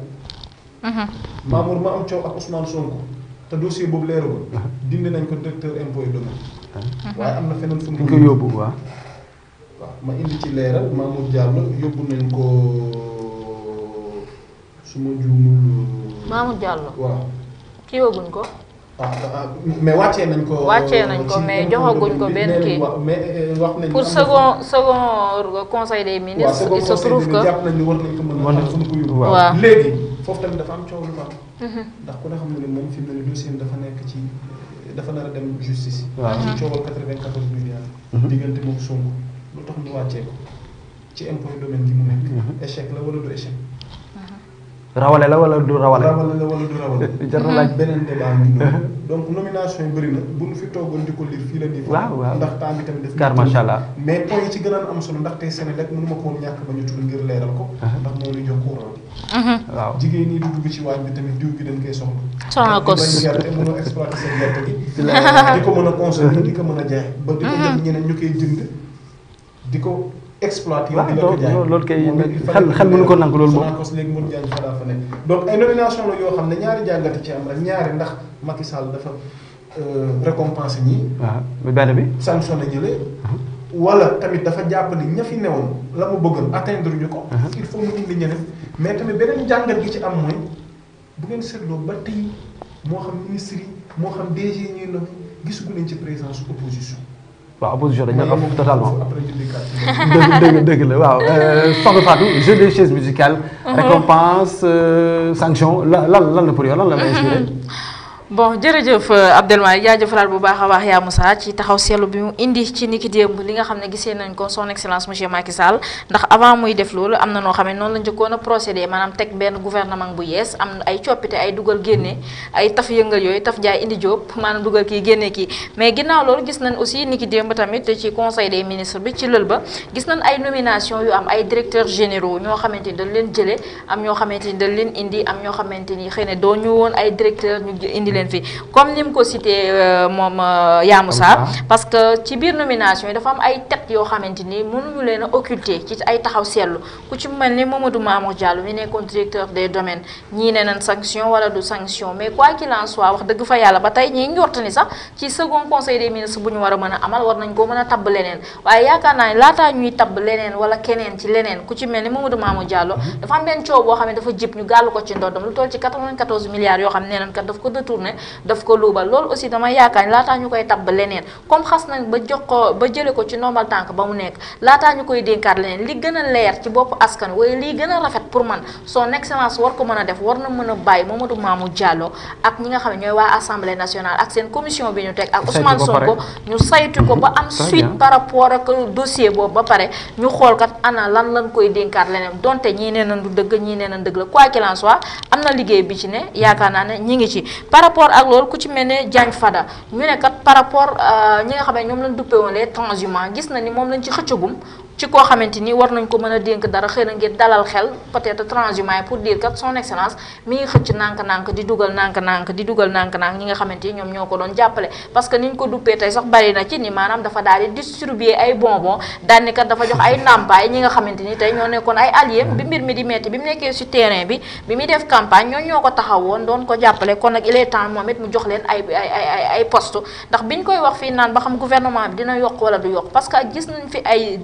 Mhm. Mamour ma am coow ak Ousmane Sonko. te dossier boobu leerul. Mhm. dindi nañ ko directeur impôt et domaine. Mhm. am na feneen fu mu. ko yóbbu waaw. waaw ma indi ci leeral Mamour Diallo yóbbu nañ ko su ma juumul. Euh, Mamour Diallo waaw. kii yóbbuñ ko. Ah, mais wàccee nañ ko. wàccee nañ ko mais joxaguñ ko benn kii eh, pour second second conseil des ministres. il se trouve que jàpp nañ ni war nañ ko mën a mën ko waaw léegi foofu tamit dafa am coow lu baax. Mhm. ndax ku ne xam ne moom fi mu ne dossier dafa nekk ci dafa nar a dem justice. waaw ci coowal 94 milliards. Mhm. diggante moom Sonko lu tax ñu wàccee ko ci impôt domaine bi mu nekk. Mhm. échec la wala du échec. rawale la wala du rawale. rawale la wala du rawale. jar na beneen débat ngi donc nomination yi bu ñu fi toogoon di ko lire fii la nii. waaw waaw ndax temps bi a am ndax tey Sénégal ma ko woon ñàkk ba ñu tudd ngir leeral ko. Mhm. di dugg ci waañ bi tamit diw bi dañ koy soxla. soxla ko si a exploiter seen gerte gi. di a consommer ba di ko mhm. ñu koy jënd di ko exploité waaw loolu loolu kay xel xel mënu ko nangu loolu moom Sonacos léegi Modou donc ay la yoo xam ne ñaari jàngati ci am rek ñaari ndax Macky Sall dafa euh, récompense ñi waaw benn bi. sanction la jëlee. Uh-huh. wala tamit dafa jàpp ni ña fi newoon la mu bëggoon atteindre ñu ko. Uh-huh. il faut mu indi ñeneen mais tamit beneen jàngat gi ci am mooy bu ngeen seetloo ba tey moo xam ministre moo xam DG ñuy nommé gisagu nañ ci présence opposition. waaw opposition dañ na am totalement dëgg dëgg dëgg la waaw Soxna Fatou jeu des chaises musicales uh-huh. récompense euh, sanction lan lan la pour yow lan la la inspiré bon jërëjëf euh, Abdelwahid jaajëfalaat bu baax a baax yaa Moussa ci taxaw seetlu bi mu indi ci niki démb li nga xam ne gisee nañ ko son excellence monsieur Macky Sall ndax avant muy def loolu am na noo xam ne noonu la njëkkoon a procédé maanaam teg benn gouvernement bu yees am ay coppite ay dugal génne ay taf yëngal yooyu taf jaay indi jóob maanaam dugal kii génne kii mais ginnaaw loolu gis nañ aussi niki démb tamit ci conseil des ministres bi ci lël ba ay nomination yu ñoo xamante ni dañ leen jëlee am ñoo xamante ni dañ leen indi am ñoo xamante ni xëy na doo ñu woon ay indi leen fi comme ni euh, euh, yoo xamante ni mënuñu leen a occulter ci ay taxaw seetlu ku ci mel ni Mamadou Mamour Diallo sanction wala du sanction mais quoi qu'il en wax dëgg fa yàlla ba tey ñi njort ni sax ci second conseil des ministres bu ñu war a mën a amal war nañ koo mën a tabb leneen waaye yaakaar naa ne laataa ñuy tabb leneen wala keneen ci leneen ku ci mel ni Mamadou Mamour Diallo mhm. dafa am benn coow boo xam ne dafa jib ñu gàllu ko ci ndoddam lu toll ci milliards yoo xam ne nañ kat daf ko détourné ne daf ko luubal loolu aussi dama yaakaar ni laataa ñu koy tabb leneen comme xas nañ ba jox ko ba jële ko ci ndombal tànk ba mu nekk laataa ñu koy dénkaat leneen li gën a leer ci bopp askan waaye lii gën a rafet pour man son excellence war ko mën a def war na mën a bàyyi Mamadou Mamou Diallo ak ñi nga xam ne ñooy waa assemblée nationale ak seen commission bi ñu teg ak Ousmane Sonko ñu saytu ko ba am suite par rapport ak dossier boobu ba pare ñu xool kat ana lan lañ koy dénkaat leneen donte ñii nee nañ du dëgg ñii nee nañ dëgg la quoi qu'il en soit am na liggéey ne yaakaar naa ne ñi ngi ci rapport ak loolu ku ci mel ne Diagne Fada ñu ne kat par rapport euh, ñi nga xam ne ñoom lañ duppe woon les transhumants gis na ni moom lañ ci xëccagum ci koo xamante ni war nañ ko mën a dénk dara xëy na ngir dalal xel peut-être pour dire que son excellence mi xëcc nànk-nànk di dugal nànk-nànk ñi nga xamante ni ñoom ñoo ko doon jàppale parce que niñ ko duppee tey sax bari na ci ni maanaam dafa daal di ay bonbon daanni kat dafa jox ay ndàmpaay ñi nga xamante ni tey ñoo nekkoon ay alliés bi mbir mi di metti bi mu nekkee ci terrain bi bi muy def campagne ñoo ñoo ko taxawoon doon ko koy wax fii naan ba xam gouvernement bi dina yokk wala du yokk que gis nañ fi ay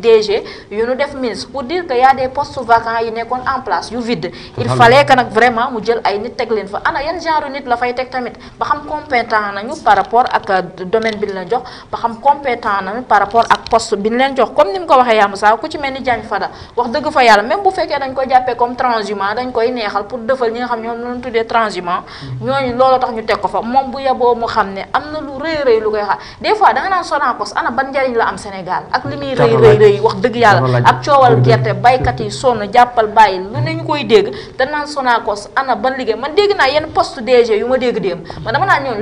yu nu def ministre pour dire que y a des postes vacants yi nekkoon en place yu vide il fallait que nag vraiment mu jël ay nit teg leen fa ana yan genre nit la fay teg tamit ba xam compétent nañu par rapport ak euh, domaine bi ñu leen jox ba xam compétent nañu par rapport ak poste bi ñu leen jox comme ni mu ko waxee yaa Moussa ku ci mel ni Diagne Fada wax dëgg fa yàlla même bu fekkee dañ koy jàppee comme transhumant dañ koy neexal pour dëfal ñi nga xam ñoom ñoo mm. na lu rëy dëgg yàlla ak coowal gerte baykat yi sonn jàppal bàyyi lu ne ñu koy dégg te naan Sonacos ana ban liggéey man dégg naa yenn poste DG yu ma dégg démb man dama naan hmm.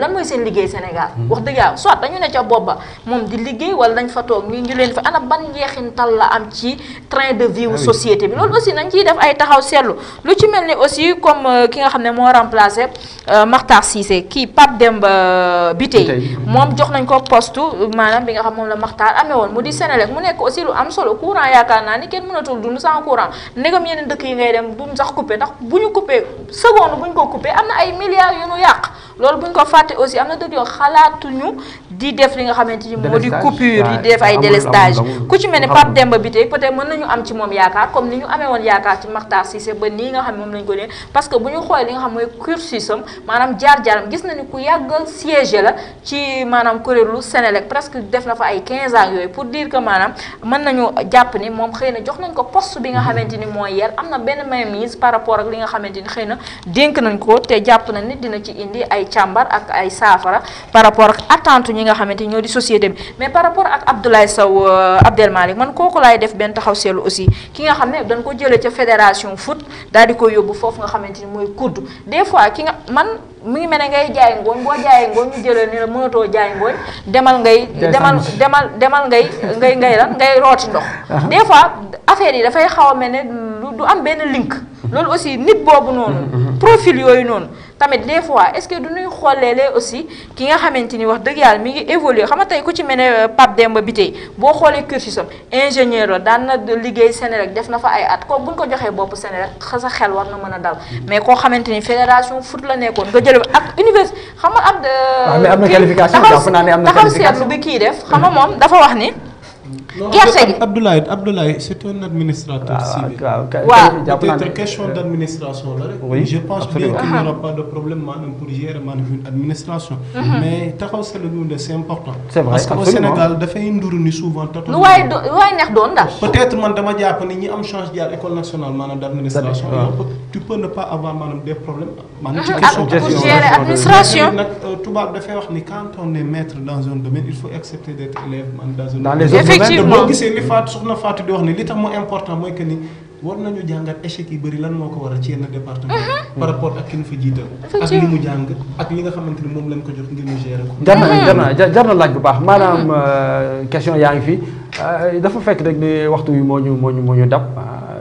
ne ca la am ci train de vie ah société bi loolu aussi nañ euh, ki nga xam ne moo remplacé euh, Makhtar Cissé kii Pape Demba euh, bi nga xam moom la Makhtar amee woon mu di Sénélec mu nekk aussi lu am solo courant yaakaar naa ni kenn mënatul dund sans courant ndegam yeneen dëkk yi ngay dem duñ sax coupé ndax bu ñu coupé seconde bu ñu ko coupé am na ay milliards yu ñu yàq loolu bu ñu ko fàtte aussi am na dëkk yoo xalaatuñu di def li nga xamante ni moo di coupure di def ay délestage ku ci mel ne Pape Demba bi tey peut-être mën nañu am ci moom yaakaar comme ni ñu amee woon yaakaar ci Makhtar Cissé ba nii nga xam ne moom lañ ko nee parce que bu ñu xoolee li nga xam mooy cursusam maanaam jaar-jaaram gis nañu ku yàgg siège la ci maanaam kuréelu Sénélec presque def na fa ay 15 ans yooyu pour dire que maanaam mën nañu jàpp moom xëy na jox nañ ko poste bi nga mm-hmm. xamante ni mooy yer am na benn mainmise par rapport ak li nga xamante ni xëy na dénk nañ ko te jàpp nañ ni dina ci indi ay ay càmbar ak ay saafara par rapport ak attente ñi nga xamante ñoo di société bi mais par rapport ak Abdoulaye Sow euh, Abdel Malick man kooku laay def benn taxaw seelu aussi ki nga xam ne dañ ko jëlee ca fédération foot daal di yóbbu foofu nga xamante mooy kudd des fois ki nga man mu ngi mel ne ngay jaay ngooñ boo jaayee ngooñ ñu jëlee ni la mënatoo jaay ngooñ demal ngay demal demal demal ngay ngay ngay lan ngay rooti ndox des affaire yi dafay xaw mel ne du am benn link. loolu aussi nit boobu noonu. Mm-hmm, mm-hmm. profil yooyu noonu. tamit des fois est-ce que du ñuy aussi ki nga xamante ni wax dëgg yàlla mi ngi évoluer xam nga tey ku ci mel ne euh, Pape Demba Bitèye boo xoolee cursus am ingénieur daan na liggéey Senelec def na fa ay at kooku bu ñu ko joxee bopp Senelec sa xel war na mën a dal mm-hmm. mais koo xamante ni fédération foot la nekkoon nga jël ak université xam nga am. waaw ah, mais am na qualification jàpp naa ne am seetlu bi kii def xam nga moom dafa wax ni. gerte gi Abdoulaye Abdoulaye c'est un administrateur ah, civil. waaw jàpp naa ne peut-être question euh, d'administration la rek. oui je pense bien qu'il n'y aura ah. pas de problème maanaam pour gérer maanaam une administration. Mm-hmm. Mm-hmm. mais taxaw sa la c'est important. c'est vrai parce que au Sénégal dafay nduru ni souvent. lu waay do waay neex doon daal. peut-être man dama jàpp ni ñi am chance jaar école nationale maanaam d'administration. tu peux ne pas avoir maanaam des problèmes. maanaam mm-hmm. ci ah, question pour gérer administration. nag euh, tubaab dafay wax ni quand on est maître dans un domaine il faut accepter d'être élève maanaam dans un domaine. que boo gisee li Fatou soxna Fatou di wax ni li tax mu important mooy que ni war nañu jàngat échec yi bëri lan moo ko war a ci yenn département mhm. par rapport ak ki ñu fa jiital. ak li mu jàng ak li nga xamante ni moom lañ ko jox ngir ñu gérer ko. jar na mhm. jar na jar na laaj bu baax maanaam euh, question yaa ngi fii euh, dafa fekk rek ni waxtu wi moo ñu moo ñu moo ñu dab.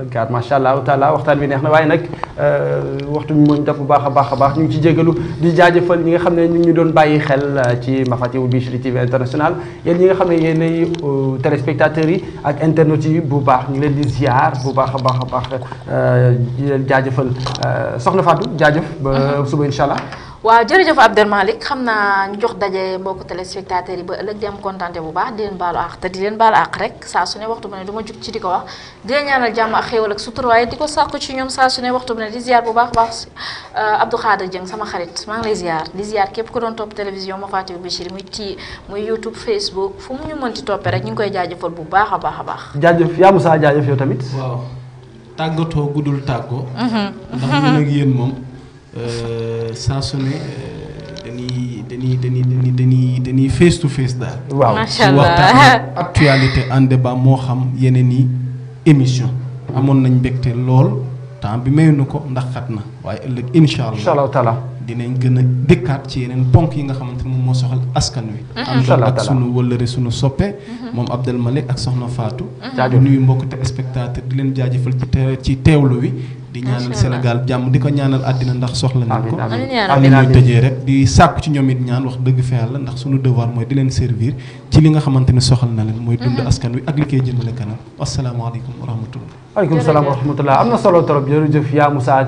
car macha allah taala waxtaan bi neex na waaye nag euh, waxtu bi moo ñu baax a baax a baax ñu ngi ci jégalu di jaajëfal ñi nga xam ne ñu doon bàyyi xel euh, ci Mafatihu Bichri TV international yéen ñi nga xam ne yéen ay euh, téléspectateurs yi ak internautes yi bu baax ñu leen di ziar bu baax a baax a baax di leen jaajëfal soxna Fatou jaajëf. ba mhm. suba incha allah. waaw jërëjëf Abdel Malick xam naa ñu jox daje mbokku téléspectateurs yi ba ëllëg di am kontaan bu baax di leen baalu àq te di leen baalu àq rek saa su ne waxtu bu ne du ma jug di ko wax di su ne waxtu bu ne baax baax euh, Abdou Khader Dieng sama xarit maa ngi lay ziar di ziar képp ku doon topp télévision ma Fatou Bichir muy tii muy YouTube Facebook fu mu ñu mënti toppee rek ñu ngi koy jaajëfal bu baax a a baax. jaajëf yaa Moussa jaajëf yow tamit. waaw tàggatoo guddul tàggoo. Mhm. ndax ñun ak yéen moom saa su ne dañuy dañuy dañuy dañuy dañuy face to face daal. waaw macha allah waxtaan actualité en débat moo xam yeneen yi émission amoon nañ mbégte lool temps bi mayuñu ko ndax xat na waaye ëllëg incha allah incha dinañ gën a dikkaat ci yeneen ponk yi nga xamante ni moom moo soxal askan wi. Mm-hmm. incha allah ak sunu wëllëre sunu soppee mm-hmm. moom Abdel Malick ak Soxna Fatou. Mm-hmm. jaajëf nuyu mbokk te spectateur di leen jaajëfal ci teewlu wi. di ñaanal Sénégal jàmm di ko ñaanal àddina ndax soxla nañ ko am na tëjee rek di sàkku ci ñoom it ñaan wax dëgg fa yàlla ndax suñu devoir mooy di leen servir ci li nga xamante ne soxal na leen mooy dund mhm. askan wi ak li koy jëmale kanam asalaamaaleykum wa rahmatullah waaleykum salaam am na solo trop jërëjëf yaa Moussa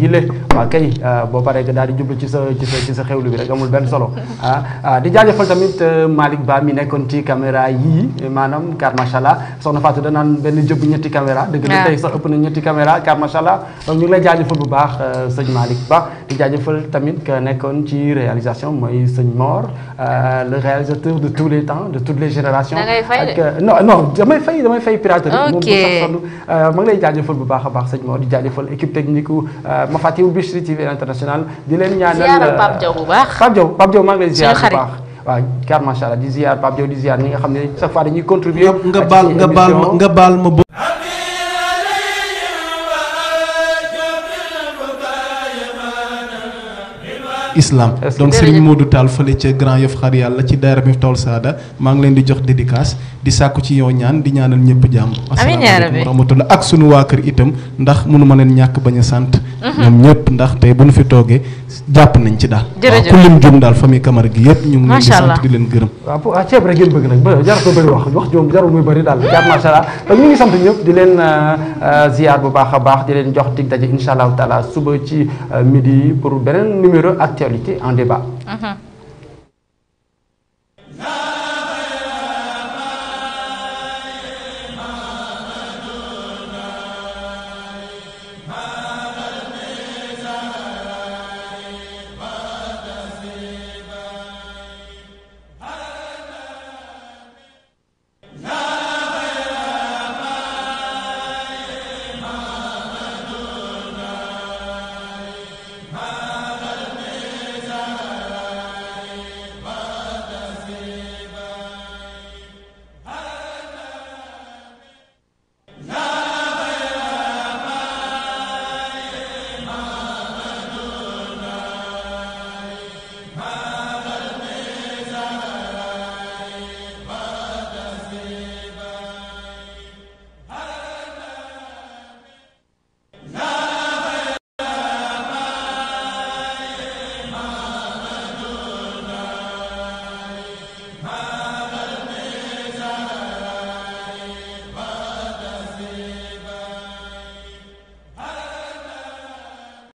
yii le waaw kay euh, boo paree daal di jublu ci sa ci sa ci sa xewlu bi rek amul benn solo ah, ah di jaajëfal tamit euh, Malick Ba mi nekkoon ci caméra yii maanaam car macha allah soxna Fatou naan benn jëb ñetti caméra dëgg la ah. tey sax ëpp na ñetti caméra car macha allah donc ñu ngi lay jaajëfal bu baax euh, sëñ Malick Ba di jaajëfal tamit nekkoon ci réalisation mooy sëñ Mor le les temps de toutes les générations. da ngay fay de euh, non non damay fay damay fay piraterie. ok moom bu sax euh, ma ngi lay jaajëfal bu baax a baax sëñ Mor di jaajëfal équipe technique euh, ma fàttewu Bichri TV international di leen ñaanal ziaral Pape Diaw bu baax. Pape Diaw Pape Diaw maa lay ziar bu baax. waaw car macha allah di ziar Pape Diaw di ziar ñi nga xam ne chaque fois dañuy contribuer. nga baal nga baal ma nga islam donc Serigne Modou Tall fële ca Grand Yoff xar yàlla ci daara mi Tawal Saada maa ngi leen di jox dédicace di sàkku ci yow ñaan di ñaanal ñëpp jàmm asalaamaaleykum wa rahmatullah ak sunu waa kër itam ndax mënu ma leen ñàkk bañ a sant mhm. ñoom ñëpp ndax tey bu ñu fi toogee jàpp nañ ci daal. jërëjëf jum daal famille Camara gi yëpp. ñu ngi leen di sant di leen gërëm. waaw pour ah, ceeb rek ngeen bëgg nag ba jarul ko bëri wax wax joom jarul muy bëri daal jaar macha allah donc ñu ngi sant ñëpp di leen euh, euh, ziar bu baax a baax di leen jox dig daje incha allahu taala suba ci euh, midi pour beneen numéro actualité en débat. Uh-huh.